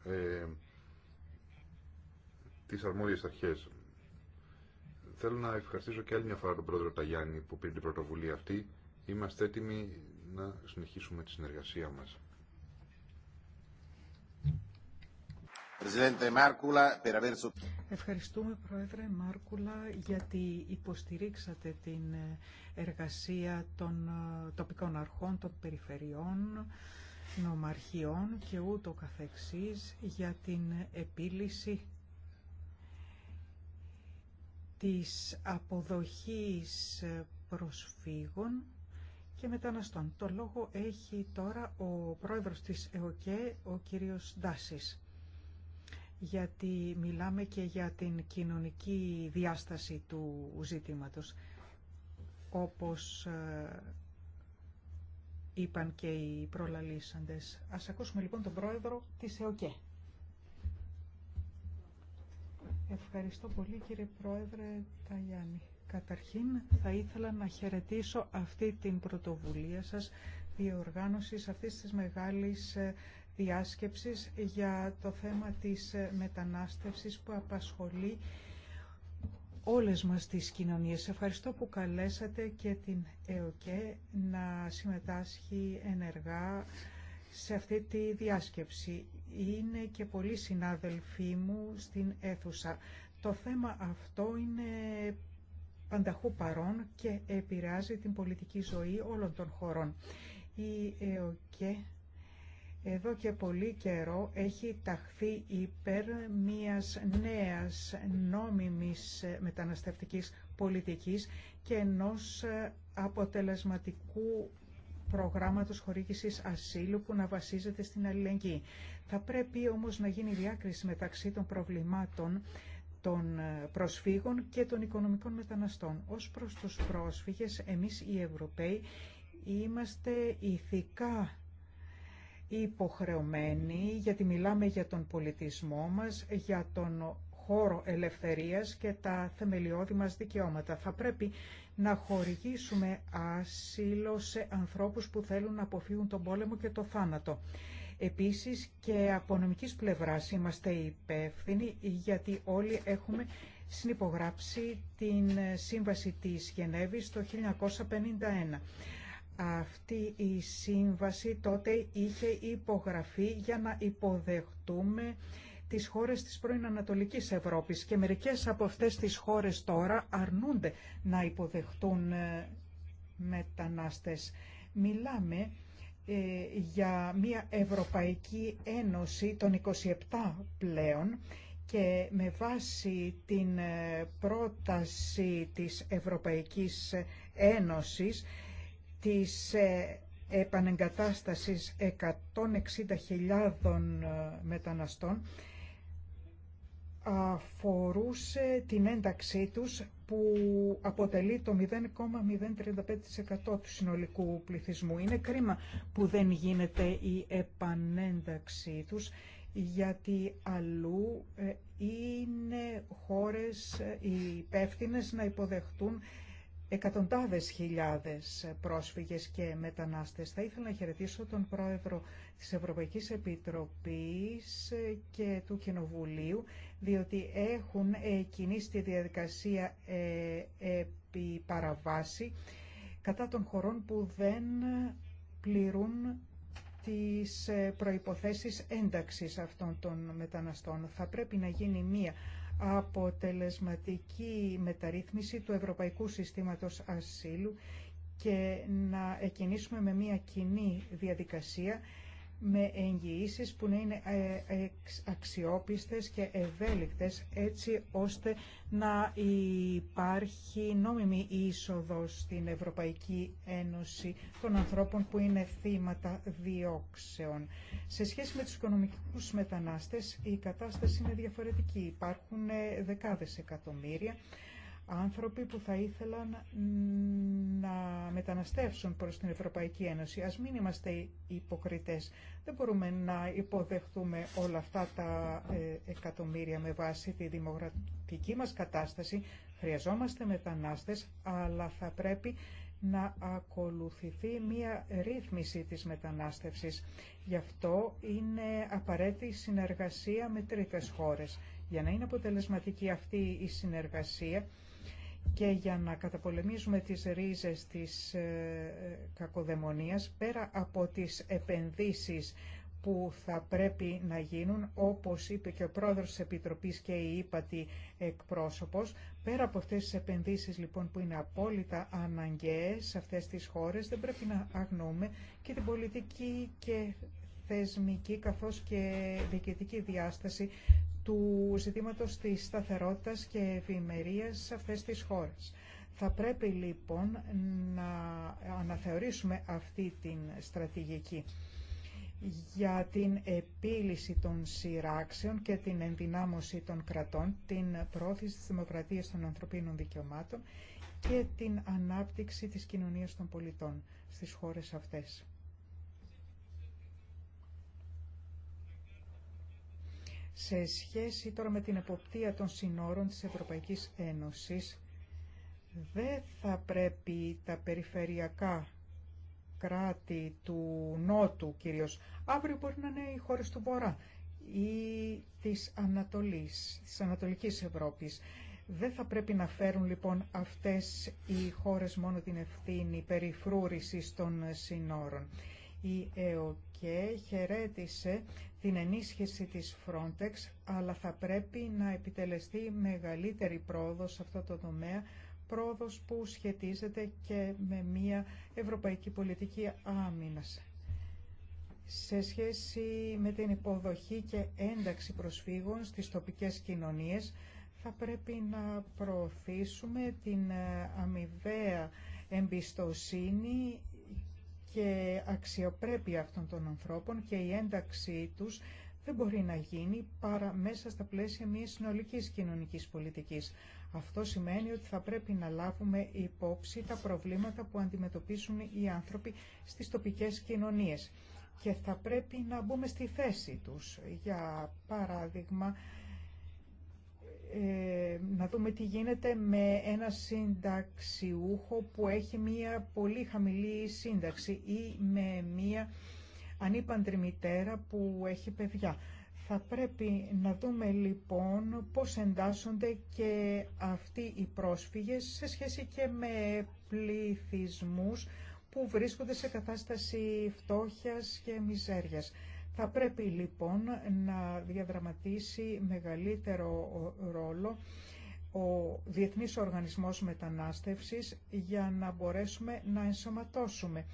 ε, τις αρμόδιες αρχές. Θέλω να ευχαριστήσω και άλλη μια φορά τον πρόεδρο Ταγιάννη που πήρε την πρωτοβουλία αυτή Είμαστε έτοιμοι να συνεχίσουμε τη συνεργασία μας. Ευχαριστούμε Πρόεδρε Μάρκουλα γιατί υποστηρίξατε την ε, εργασία των ε, τοπικών αρχών, των περιφερειών, νομαρχιών και ούτω καθεξής για την επίλυση της αποδοχής ε, προσφύγων και μεταναστών. Το λόγο έχει τώρα ο πρόεδρος της ΕΟΚΕ, ο κύριος Ντάσης γιατί μιλάμε και για την κοινωνική διάσταση του ζήτηματος. Όπως ε, είπαν και οι προλαλήσαντες. Ας ακούσουμε λοιπόν τον πρόεδρο της ΕΟΚΕ. Ευχαριστώ πολύ κύριε πρόεδρε Ταγιάννη. Καταρχήν θα ήθελα να χαιρετήσω αυτή την πρωτοβουλία σας διοργάνωσης αυτής της μεγάλης ε, διάσκεψης για το θέμα της ε, μετανάστευσης που απασχολεί όλες μας τις κοινωνίες. Ευχαριστώ που καλέσατε και την ΕΟΚΕ να συμμετάσχει ενεργά σε αυτή τη διάσκεψη. Είναι και πολλοί συνάδελφοί μου στην αίθουσα. Το θέμα αυτό είναι πανταχού παρών και επηρεάζει την πολιτική ζωή όλων των χωρών. Η ΕΟΚΕ εδώ και πολύ καιρό έχει ταχθεί υπέρ μιας νέας νόμιμης μεταναστευτικής πολιτικής και ενός αποτελεσματικού προγράμματος χορήγησης ασύλου που να βασίζεται στην αλληλεγγύη. Θα πρέπει όμως να γίνει διάκριση μεταξύ των προβλημάτων των ε, προσφύγων και των οικονομικών μεταναστών. Ως προς τους πρόσφυγες, εμείς οι Ευρωπαίοι είμαστε ηθικά υποχρεωμένοι, γιατί μιλάμε για τον πολιτισμό μας, για τον χώρο ελευθερίας και τα θεμελιώδη μας δικαιώματα. Θα πρέπει να χορηγήσουμε άσυλο σε ανθρώπους που θέλουν να αποφύγουν τον πόλεμο και το θάνατο. Επίσης και από νομικής πλευράς είμαστε υπεύθυνοι γιατί όλοι έχουμε συνυπογράψει την Σύμβαση της Γενέβης το 1951. Αυτή η σύμβαση τότε είχε υπογραφεί για να υποδεχτούμε τις χώρες της πρώην Ανατολικής Ευρώπης και μερικές από αυτές τις χώρες τώρα αρνούνται να υποδεχτούν ε, μετανάστες. Μιλάμε ε, για μια Ευρωπαϊκή Ένωση των 27 πλέον και με βάση την ε, πρόταση της Ευρωπαϊκής Ένωσης της ε, επανεγκατάστασης 160.000 μεταναστών αφορούσε την ένταξή τους που αποτελεί το 0,035% του συνολικού πληθυσμού. Είναι κρίμα που δεν γίνεται η επανένταξή τους γιατί αλλού ε, είναι χώρες ε, υπεύθυνε να υποδεχτούν εκατοντάδες χιλιάδες πρόσφυγες και μετανάστες. Θα ήθελα να χαιρετήσω τον Πρόεδρο της Ευρωπαϊκής Επιτροπής και του Κοινοβουλίου, διότι έχουν κινήσει τη διαδικασία ε, επί παραβάση κατά των χωρών που δεν πληρούν τις προϋποθέσεις ένταξης αυτών των μεταναστών. Θα πρέπει να γίνει μία αποτελεσματική μεταρρύθμιση του Ευρωπαϊκού Συστήματος Ασύλου και να εκινήσουμε με μια κοινή διαδικασία με εγγυήσεις που να είναι ε, αξιόπιστες και ευέλικτες έτσι ώστε να υπάρχει νόμιμη είσοδος στην Ευρωπαϊκή Ένωση των ανθρώπων που είναι θύματα διώξεων. Σε σχέση με τους οικονομικούς μετανάστες η κατάσταση είναι διαφορετική. Υπάρχουν ε, δεκάδες εκατομμύρια άνθρωποι που θα ήθελαν να μεταναστεύσουν προς την Ευρωπαϊκή Ένωση. Ας μην είμαστε υποκριτές. Δεν μπορούμε να υποδεχθούμε όλα αυτά τα ε, εκατομμύρια με βάση τη δημοκρατική μας κατάσταση. Χρειαζόμαστε μετανάστες, αλλά θα πρέπει να ακολουθηθεί μία ρύθμιση της μετανάστευσης. Γι' αυτό είναι απαραίτητη η συνεργασία με τρίτες χώρες. Για να είναι αποτελεσματική αυτή η συνεργασία, και για να καταπολεμήσουμε τις ρίζες της ε, ε, κακοδαιμονίας, πέρα από τις επενδύσεις που θα πρέπει να γίνουν, όπως είπε και ο πρόεδρος της Επιτροπής και η ύπατη εκπρόσωπος. Πέρα από αυτές τις επενδύσεις λοιπόν που είναι απόλυτα αναγκαίες σε αυτές τις χώρες, δεν πρέπει να αγνοούμε και την πολιτική και θεσμική καθώς και διοικητική διάσταση του ζητήματος της σταθερότητας και ευημερίας σε αυτές τις χώρες. Θα πρέπει λοιπόν να αναθεωρήσουμε αυτή την στρατηγική για την επίλυση των σειράξεων και την ενδυνάμωση των κρατών, την πρόθεση της δημοκρατίας των ανθρωπίνων δικαιωμάτων και την ανάπτυξη της κοινωνίας των πολιτών στις χώρες αυτές. Σε σχέση τώρα με την εποπτεία των συνόρων της Ευρωπαϊκής Ένωσης, δεν θα πρέπει τα περιφερειακά κράτη του Νότου κυρίως, αύριο μπορεί να είναι οι χώρες του Βορρά ή της Ανατολής, της Ανατολικής Ευρώπης. Δεν θα πρέπει να φέρουν λοιπόν αυτές οι χώρες μόνο την ευθύνη περιφρούρησης των συνόρων. Η ΕΟΚΕ χαιρέτησε την ενίσχυση της Frontex, αλλά θα πρέπει να επιτελεστεί μεγαλύτερη πρόοδος σε αυτό το τομέα, πρόοδος που σχετίζεται και με μια ευρωπαϊκή πολιτική άμυνας. Σε σχέση με την υποδοχή και ένταξη προσφύγων στις τοπικές κοινωνίες, θα πρέπει να προωθήσουμε την αμοιβαία εμπιστοσύνη και αξιοπρέπεια αυτών των ανθρώπων και η ένταξή τους δεν μπορεί να γίνει παρά μέσα στα πλαίσια μιας συνολικής κοινωνικής πολιτικής. Αυτό σημαίνει ότι θα πρέπει να λάβουμε υπόψη τα προβλήματα που αντιμετωπίσουν οι άνθρωποι στις τοπικές κοινωνίες και θα πρέπει να μπούμε στη θέση τους. Για παράδειγμα, ε, να δούμε τι γίνεται με ένα συνταξιούχο που έχει μία πολύ χαμηλή σύνταξη ή με μία ανήπαντρη μητέρα που έχει παιδιά. Θα πρέπει να δούμε λοιπόν πώς εντάσσονται και αυτοί οι πρόσφυγες σε σχέση και με πληθυσμούς που βρίσκονται σε κατάσταση φτώχειας και μιζέριας. Θα πρέπει λοιπόν να διαδραματίσει μεγαλύτερο ρόλο ο Διεθνής Οργανισμός Μετανάστευσης για να μπορέσουμε να ενσωματώσουμε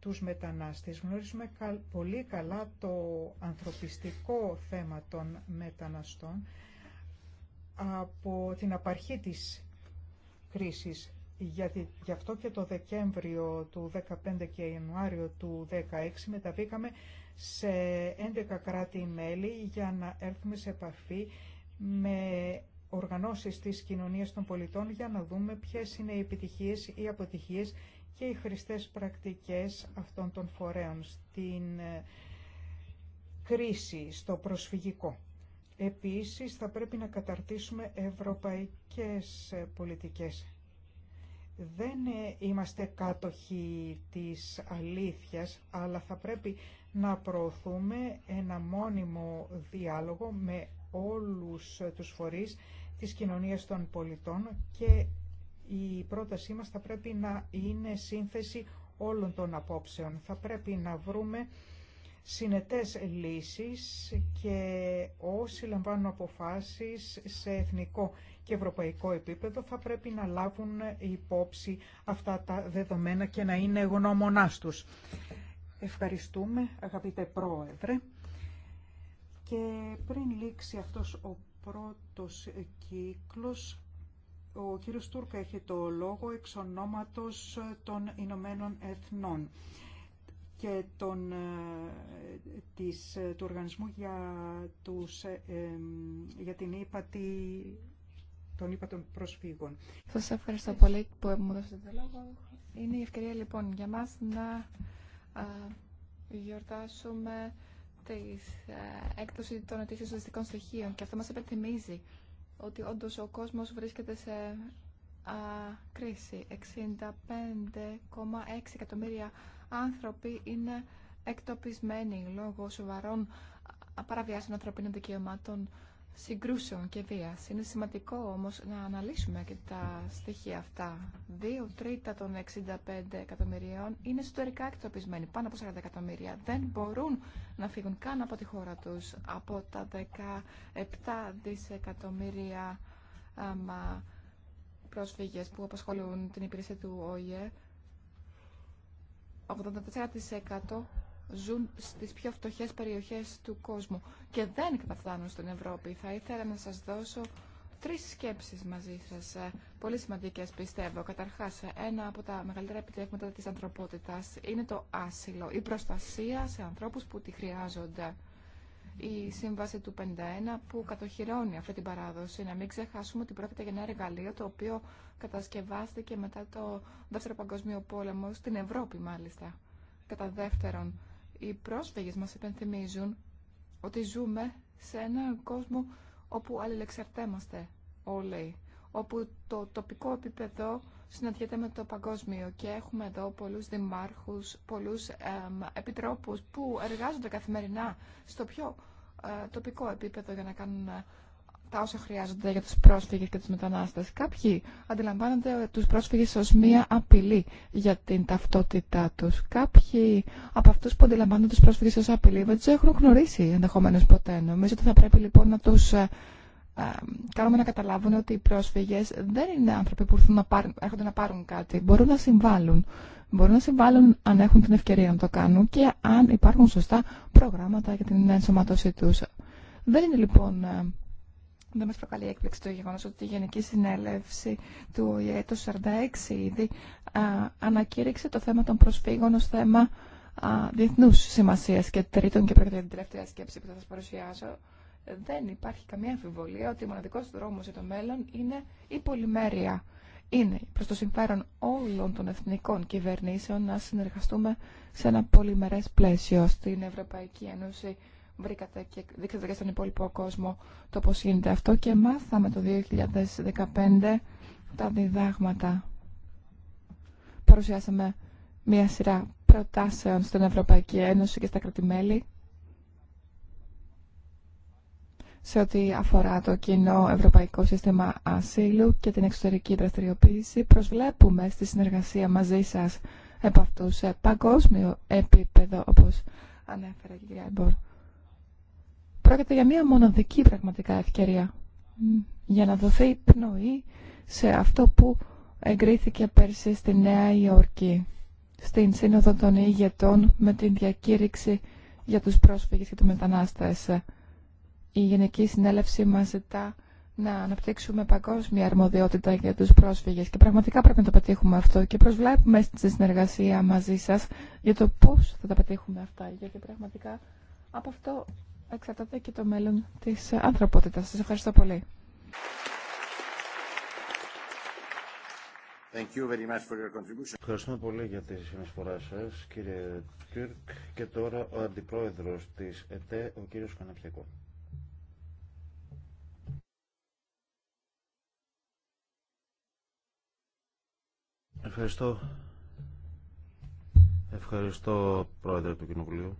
τους μετανάστες. Γνωρίζουμε πολύ καλά το ανθρωπιστικό θέμα των μεταναστών από την απαρχή της κρίσης. Γιατί, γι' αυτό και το Δεκέμβριο του 15 και Ιανουάριο του 2016 μεταβήκαμε σε 11 κράτη-μέλη για να έρθουμε σε επαφή με οργανώσεις της κοινωνίας των πολιτών για να δούμε ποιες είναι οι επιτυχίες ή αποτυχίες και οι χρηστές πρακτικές αυτών των φορέων στην ε, κρίση, στο προσφυγικό. Επίσης, θα πρέπει να καταρτήσουμε ευρωπαϊκές ε, πολιτικές. Δεν ε, είμαστε κάτοχοι της αλήθειας, αλλά θα πρέπει να προωθούμε ένα μόνιμο διάλογο με όλους τους φορείς της κοινωνίας των πολιτών και η πρότασή μας θα πρέπει να είναι σύνθεση όλων των απόψεων. Θα πρέπει να βρούμε συνετές λύσεις και όσοι λαμβάνουν αποφάσεις σε εθνικό και ευρωπαϊκό επίπεδο θα πρέπει να λάβουν υπόψη αυτά τα δεδομένα και να είναι γνώμονάς τους. Ευχαριστούμε, αγαπητέ Πρόεδρε. Και πριν λήξει αυτός ο πρώτος κύκλος, ο κύριος Τούρκα έχει το λόγο εξ ονόματος των Ηνωμένων Εθνών και των, ε, της, ε, του Οργανισμού για, τους, ε, για την ύπατη των ύπατων προσφύγων. Σας ευχαριστώ πολύ που μου δώσετε το λόγο. Είναι η ευκαιρία λοιπόν για μας να γιορτάσουμε τη ε, έκδοση των αιτήσεων στατιστικών στοιχείων και αυτό μας επιθυμίζει ότι όντως ο κόσμος βρίσκεται σε α, κρίση. 65,6 εκατομμύρια άνθρωποι είναι εκτοπισμένοι λόγω σοβαρών παραβιάσεων ανθρωπίνων δικαιωμάτων συγκρούσεων και βία. Είναι σημαντικό όμως να αναλύσουμε και τα στοιχεία αυτά. Δύο τρίτα των 65 εκατομμυρίων είναι ιστορικά εκτοπισμένοι, πάνω από 40 εκατομμύρια. Δεν μπορούν να φύγουν καν από τη χώρα τους. Από τα 17 δισεκατομμύρια άμα, πρόσφυγες που απασχολούν την υπηρεσία του ΟΗΕ, 84% ζουν στις πιο φτωχές περιοχές του κόσμου και δεν καταφτάνουν στην Ευρώπη. Θα ήθελα να σας δώσω τρεις σκέψεις μαζί σας, ε, πολύ σημαντικές πιστεύω. Καταρχάς, ε, ένα από τα μεγαλύτερα επιτεύγματα της ανθρωπότητας είναι το άσυλο, η προστασία σε ανθρώπους που τη χρειάζονται. Η σύμβαση του 51 που κατοχυρώνει αυτή την παράδοση. Να μην ξεχάσουμε ότι πρόκειται για ένα εργαλείο το οποίο κατασκευάστηκε μετά το Δεύτερο Παγκόσμιο Πόλεμο, στην Ευρώπη μάλιστα. Κατά δεύτερον, οι πρόσφυγες μας επενθυμίζουν ότι ζούμε σε έναν κόσμο όπου αλληλεξαρτέμαστε όλοι, όπου το τοπικό επίπεδο συναντιέται με το παγκόσμιο και έχουμε εδώ πολλούς δημάρχους, πολλούς επιτρόπους που εργάζονται καθημερινά στο πιο ε, τοπικό επίπεδο για να κάνουν ε, τα όσα χρειάζονται για τους πρόσφυγες και τους μετανάστες. Κάποιοι αντιλαμβάνονται τους πρόσφυγες ως μία απειλή για την ταυτότητά τους. Κάποιοι από αυτούς που αντιλαμβάνονται τους πρόσφυγες ως απειλή δεν τους έχουν γνωρίσει ενδεχομένω ποτέ. Νομίζω ότι θα πρέπει λοιπόν να τους ε, ε, κάνουμε να καταλάβουν ότι οι πρόσφυγες δεν είναι άνθρωποι που να πάρουν, έρχονται να πάρουν κάτι. Μπορούν να συμβάλλουν. Μπορούν να συμβάλλουν αν έχουν την ευκαιρία να το κάνουν και αν υπάρχουν σωστά προγράμματα για την ενσωματώσή τους. Δεν είναι λοιπόν ε, δεν μας προκαλεί έκπληξη το γεγονός ότι η Γενική Συνέλευση του ΟΗΕ το 46 ήδη α, ανακήρυξε το θέμα των προσφύγων ως θέμα α, διεθνούς σημασίας και τρίτον και πρόκειται για την τελευταία σκέψη που θα σας παρουσιάσω. Δεν υπάρχει καμία αμφιβολία ότι ο μοναδικός δρόμος για το μέλλον είναι η πολυμέρεια. Είναι προς το συμφέρον όλων των εθνικών κυβερνήσεων να συνεργαστούμε σε ένα πολυμερές πλαίσιο στην Ευρωπαϊκή Ένωση βρήκατε και δείξατε και στον υπόλοιπο κόσμο το πώς γίνεται αυτό και μάθαμε το 2015 τα διδάγματα. Παρουσιάσαμε μία σειρά προτάσεων στην Ευρωπαϊκή Ένωση και στα κρατημέλη σε ό,τι αφορά το κοινό Ευρωπαϊκό Σύστημα Ασύλου και την εξωτερική δραστηριοποίηση. Προσβλέπουμε στη συνεργασία μαζί σας επ' αυτού σε παγκόσμιο επίπεδο, όπως ανέφερε η κυρία Εμπορ πρόκειται για μία μοναδική πραγματικά ευκαιρία για να δοθεί πνοή σε αυτό που εγκρίθηκε πέρσι στη Νέα Υόρκη, στην Σύνοδο των Ηγετών με την διακήρυξη για τους πρόσφυγες και τους μετανάστες. Η Γενική Συνέλευση μας ζητά να αναπτύξουμε παγκόσμια αρμοδιότητα για τους πρόσφυγες και πραγματικά πρέπει να το πετύχουμε αυτό και προσβλέπουμε στη συνεργασία μαζί σας για το πώς θα τα πετύχουμε αυτά γιατί πραγματικά από αυτό εξαρτάται και το μέλλον της ανθρωπότητας. Σας ευχαριστώ πολύ. Thank you very much for your contribution. Ευχαριστούμε πολύ για τη συνεισφορά σας, κύριε Τουρκ. Και τώρα ο Αντιπρόεδρος της ΕΤΕ, ο κύριος Καναπιακό. Ευχαριστώ. Ευχαριστώ, Πρόεδρε του Κοινοβουλίου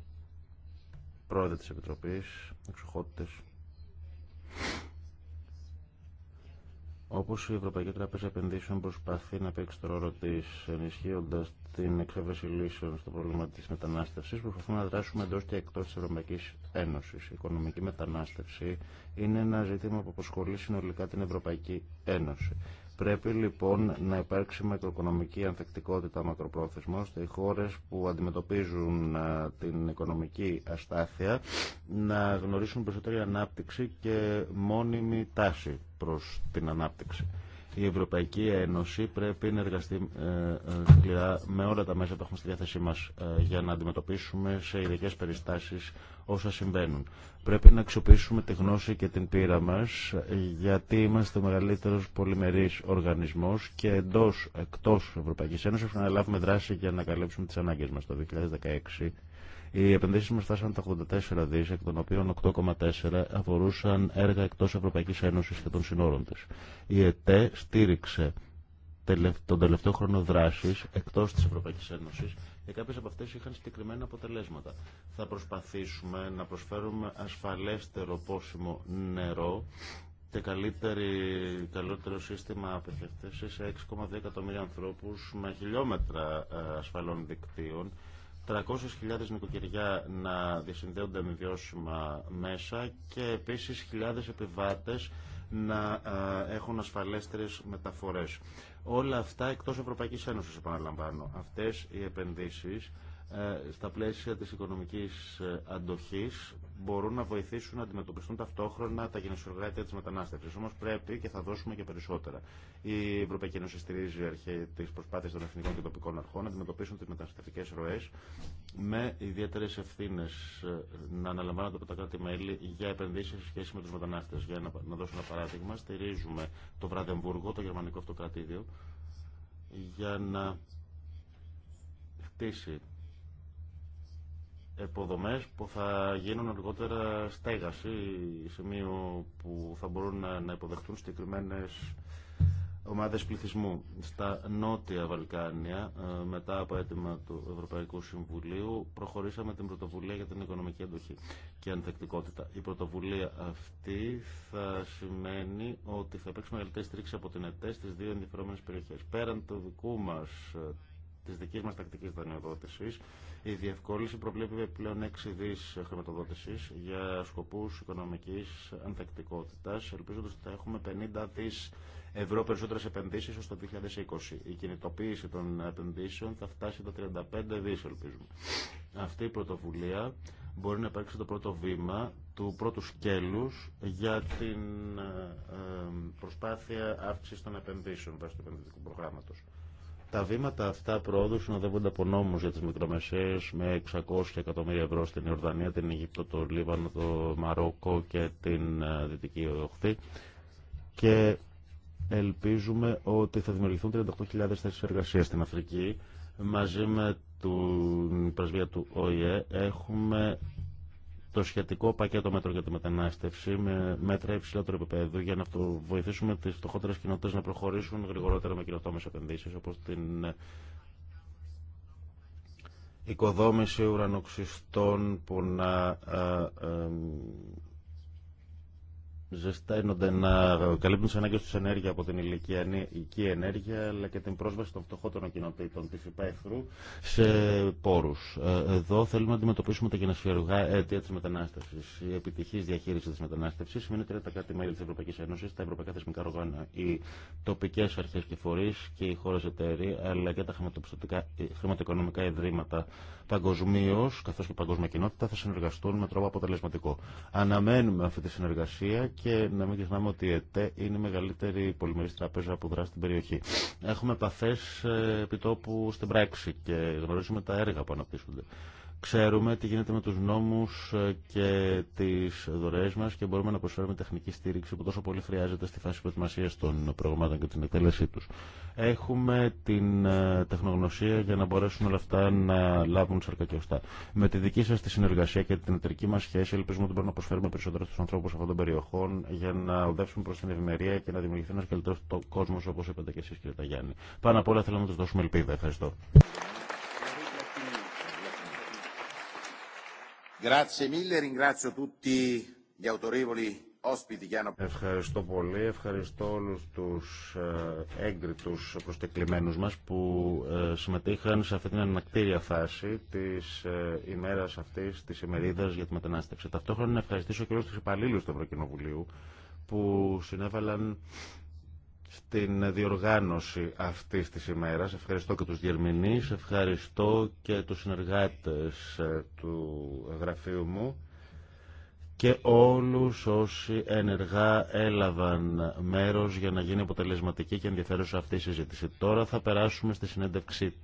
πρόεδρε της Επιτροπής, εξοχότητες. Όπως η Ευρωπαϊκή Τράπεζα Επενδύσεων προσπαθεί να παίξει το ρόλο της ενισχύοντας την εξέβρεση λύσεων στο πρόβλημα της μετανάστευσης, προσπαθούμε να δράσουμε εντός και εκτός της Ευρωπαϊκής Ένωσης. Η οικονομική μετανάστευση είναι ένα ζήτημα που αποσχολεί συνολικά την Ευρωπαϊκή Ένωση. Πρέπει λοιπόν να υπάρξει μακροοικονομική ανθεκτικότητα μακροπρόθεσμα ώστε οι χώρες που αντιμετωπίζουν την οικονομική αστάθεια να γνωρίσουν περισσότερη ανάπτυξη και μόνιμη τάση προς την ανάπτυξη. Η Ευρωπαϊκή Ένωση πρέπει να εργαστεί ε, ε, σκληρά με όλα τα μέσα που έχουμε στη διάθεσή μα ε, για να αντιμετωπίσουμε σε ειδικέ περιστάσει όσα συμβαίνουν. Πρέπει να αξιοποιήσουμε τη γνώση και την πείρα μα γιατί είμαστε ο μεγαλύτερο πολυμερή οργανισμό και εντό εκτό Ευρωπαϊκή Ένωση να λάβουμε δράση για να καλύψουμε τι ανάγκε μα. Το 2016 οι επενδύσει μα φτάσαν τα 84 δι, εκ των οποίων 8,4 αφορούσαν έργα εκτό Ευρωπαϊκή Ένωση και των συνόρων τη. Η ΕΤΕ στήριξε τον τελευταίο χρόνο δράση εκτό τη Ευρωπαϊκή Ένωση και κάποιε από αυτέ είχαν συγκεκριμένα αποτελέσματα. Θα προσπαθήσουμε να προσφέρουμε ασφαλέστερο πόσιμο νερό και καλύτερο σύστημα απευθύνση σε 6,2 εκατομμύρια ανθρώπου με χιλιόμετρα ε, ασφαλών δικτύων 300.000 νοικοκυριά να διασυνδέονται με βιώσιμα μέσα και επίσης χιλιάδες επιβάτες να έχουν ασφαλέστερες μεταφορές. Όλα αυτά εκτός Ευρωπαϊκής Ένωσης, επαναλαμβάνω. Αυτές οι επενδύσεις ε, στα πλαίσια της οικονομικής ε, αντοχής μπορούν να βοηθήσουν να αντιμετωπιστούν ταυτόχρονα τα γενεσιογράτια της μετανάστευσης. Όμως πρέπει και θα δώσουμε και περισσότερα. Η Ευρωπαϊκή Ένωση στηρίζει αρχή τις προσπάθειες των εθνικών και τοπικών αρχών να αντιμετωπίσουν τις μεταναστευτικές ροές με ιδιαίτερες ευθύνες ε, να αναλαμβάνονται από τα κράτη-μέλη για επενδύσεις σε σχέση με τους μετανάστες. Για να δώσω ένα παράδειγμα, στηρίζουμε το Βραδεμβούργο, το γερμανικό αυτοκρατήδιο, για να χτίσει υποδομές που θα γίνουν αργότερα στέγαση, σημείο που θα μπορούν να υποδεχτούν συγκεκριμένε ομάδες πληθυσμού. Στα νότια Βαλκάνια, ε, μετά από αίτημα του Ευρωπαϊκού Συμβουλίου, προχωρήσαμε την πρωτοβουλία για την οικονομική εντοχή και ανθεκτικότητα. Η πρωτοβουλία αυτή θα σημαίνει ότι θα υπάρξει μεγαλύτερη στήριξη από την ΕΤΕ στις δύο ενδιαφερόμενες περιοχές. Πέραν του δικού μας, ε, της δικής μας τακτικής δανειοδότησης, η διευκόλυνση προβλέπει πλέον 6 δι χρηματοδότηση για σκοπού οικονομική ανθεκτικότητας, ελπίζοντα ότι θα έχουμε 50 δι ευρώ περισσότερε επενδύσει ω το 2020. Η κινητοποίηση των επενδύσεων θα φτάσει τα 35 δι, ελπίζουμε. Αυτή η πρωτοβουλία μπορεί να υπάρξει το πρώτο βήμα του πρώτου σκέλου για την ε, ε, προσπάθεια αύξηση των επενδύσεων βάσει του επενδυτικού προγράμματο. Τα βήματα αυτά προόδου συνοδεύονται από νόμου για τι μικρομεσαίε με 600 εκατομμύρια ευρώ στην Ιορδανία, την Αιγύπτο, το Λίβανο, το Μαρόκο και την ε, Δυτική Οχθή. Και ελπίζουμε ότι θα δημιουργηθούν 38.000 θέσει εργασία στην Αφρική. Μαζί με την πρεσβεία του ΟΗΕ έχουμε το σχετικό πακέτο μέτρων για τη μετανάστευση με μέτρα υψηλότερου επίπεδου για να βοηθήσουμε τι φτωχότερε κοινότητε να προχωρήσουν γρηγορότερα με κοινοτόμε επενδύσει όπω την οικοδόμηση ουρανοξυστών που να ε, ε, ζεσταίνονται να καλύπτουν τι ανάγκε του ενέργεια από την ηλικιακή ενέργεια αλλά και την πρόσβαση των φτωχότερων κοινοτήτων τη υπαίθρου σε πόρου. Ε, εδώ θέλουμε να αντιμετωπίσουμε τα γενεσιεργά αίτια τη μετανάστευση. Η επιτυχή διαχείριση τη μετανάστευση σημαίνει ότι τα κράτη-μέλη τη Ευρωπαϊκή Ένωση, τα ευρωπαϊκά θεσμικά οργάνα, οι τοπικέ αρχέ και φορεί και οι χώρε εταίροι αλλά και τα ε, χρηματοοικονομικά ιδρύματα παγκοσμίω καθώ και η παγκόσμια κοινότητα θα συνεργαστούν με τρόπο αποτελεσματικό. Αναμένουμε αυτή τη συνεργασία και να μην ξεχνάμε ότι η ΕΤΕ είναι η μεγαλύτερη πολυμερή τράπεζα που δράσει στην περιοχή. Έχουμε επαφέ ε, επιτόπου στην πράξη και γνωρίζουμε τα έργα που αναπτύσσονται. Ξέρουμε τι γίνεται με τους νόμους ε, και τις δωρεές μας και μπορούμε να προσφέρουμε τεχνική στήριξη που τόσο πολύ χρειάζεται στη φάση προετοιμασίας των προγραμμάτων και την εκτέλεσή τους. Έχουμε την ε, τεχνογνωσία για να μπορέσουν όλα αυτά να λάβουν σαρκα και Με τη δική σας τη συνεργασία και την εταιρική μας σχέση ελπίζουμε ότι μπορούμε να προσφέρουμε περισσότερο στους ανθρώπους αυτών των περιοχών για να οδεύσουμε προς την ευημερία και να δημιουργηθεί ένας καλύτερος κόσμος όπως είπατε και εσείς κύριε Ταγιάννη. Πάνω απ' θέλω να τους δώσουμε ελπίδα. Ευχαριστώ. Grazie mille, ringrazio tutti Ευχαριστώ πολύ. Ευχαριστώ όλους τους ε, έγκριτους προσκεκλημένους μας που ε, συμμετείχαν σε αυτή την ανακτήρια φάση της ε, ημέρας αυτής, της ημερίδας για τη μετανάστευση. Ταυτόχρονα να ευχαριστήσω και όλους τους υπαλλήλους του Ευρωκοινοβουλίου που συνέβαλαν στην διοργάνωση αυτής της ημέρας. Ευχαριστώ και τους διερμηνείς, ευχαριστώ και τους συνεργάτες ε, του γραφείου μου και όλους όσοι ενεργά έλαβαν μέρος για να γίνει αποτελεσματική και ενδιαφέρουσα αυτή η συζήτηση. Τώρα θα περάσουμε στη συνέντευξη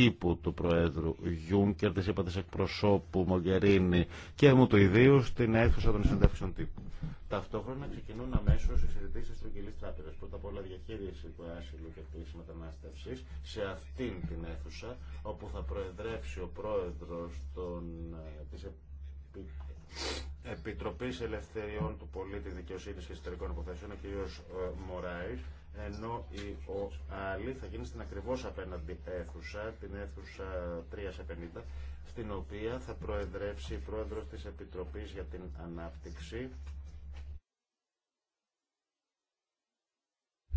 τύπου του Προέδρου Γιούνκερ, τη είπατε εκπροσώπου Μογκερίνη και μου το ιδίω στην αίθουσα των συνεντεύξεων τύπου. Ταυτόχρονα ξεκινούν αμέσω οι συζητήσει του Αγγελή Τράπεζα. Πρώτα απ' όλα διαχείριση του άσυλου και τη μετανάστευση σε αυτήν την αίθουσα, όπου θα προεδρεύσει ο Πρόεδρο ε, τη Επι... Επιτροπή Ελευθεριών του Πολίτη Δικαιοσύνη και Ιστορικών Υποθέσεων, ο κ. Ε, Μωράη ενώ η άλλη θα γίνει στην ακριβώς απέναντι αίθουσα, την αίθουσα 3 50, στην οποία θα προεδρεύσει η πρόεδρος της Επιτροπής για την Ανάπτυξη,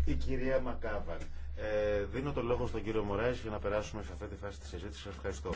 η κυρία Μακάβα. Ε, δίνω το λόγο στον κύριο Μωράης για να περάσουμε σε αυτή τη φάση της συζήτησης. ευχαριστώ.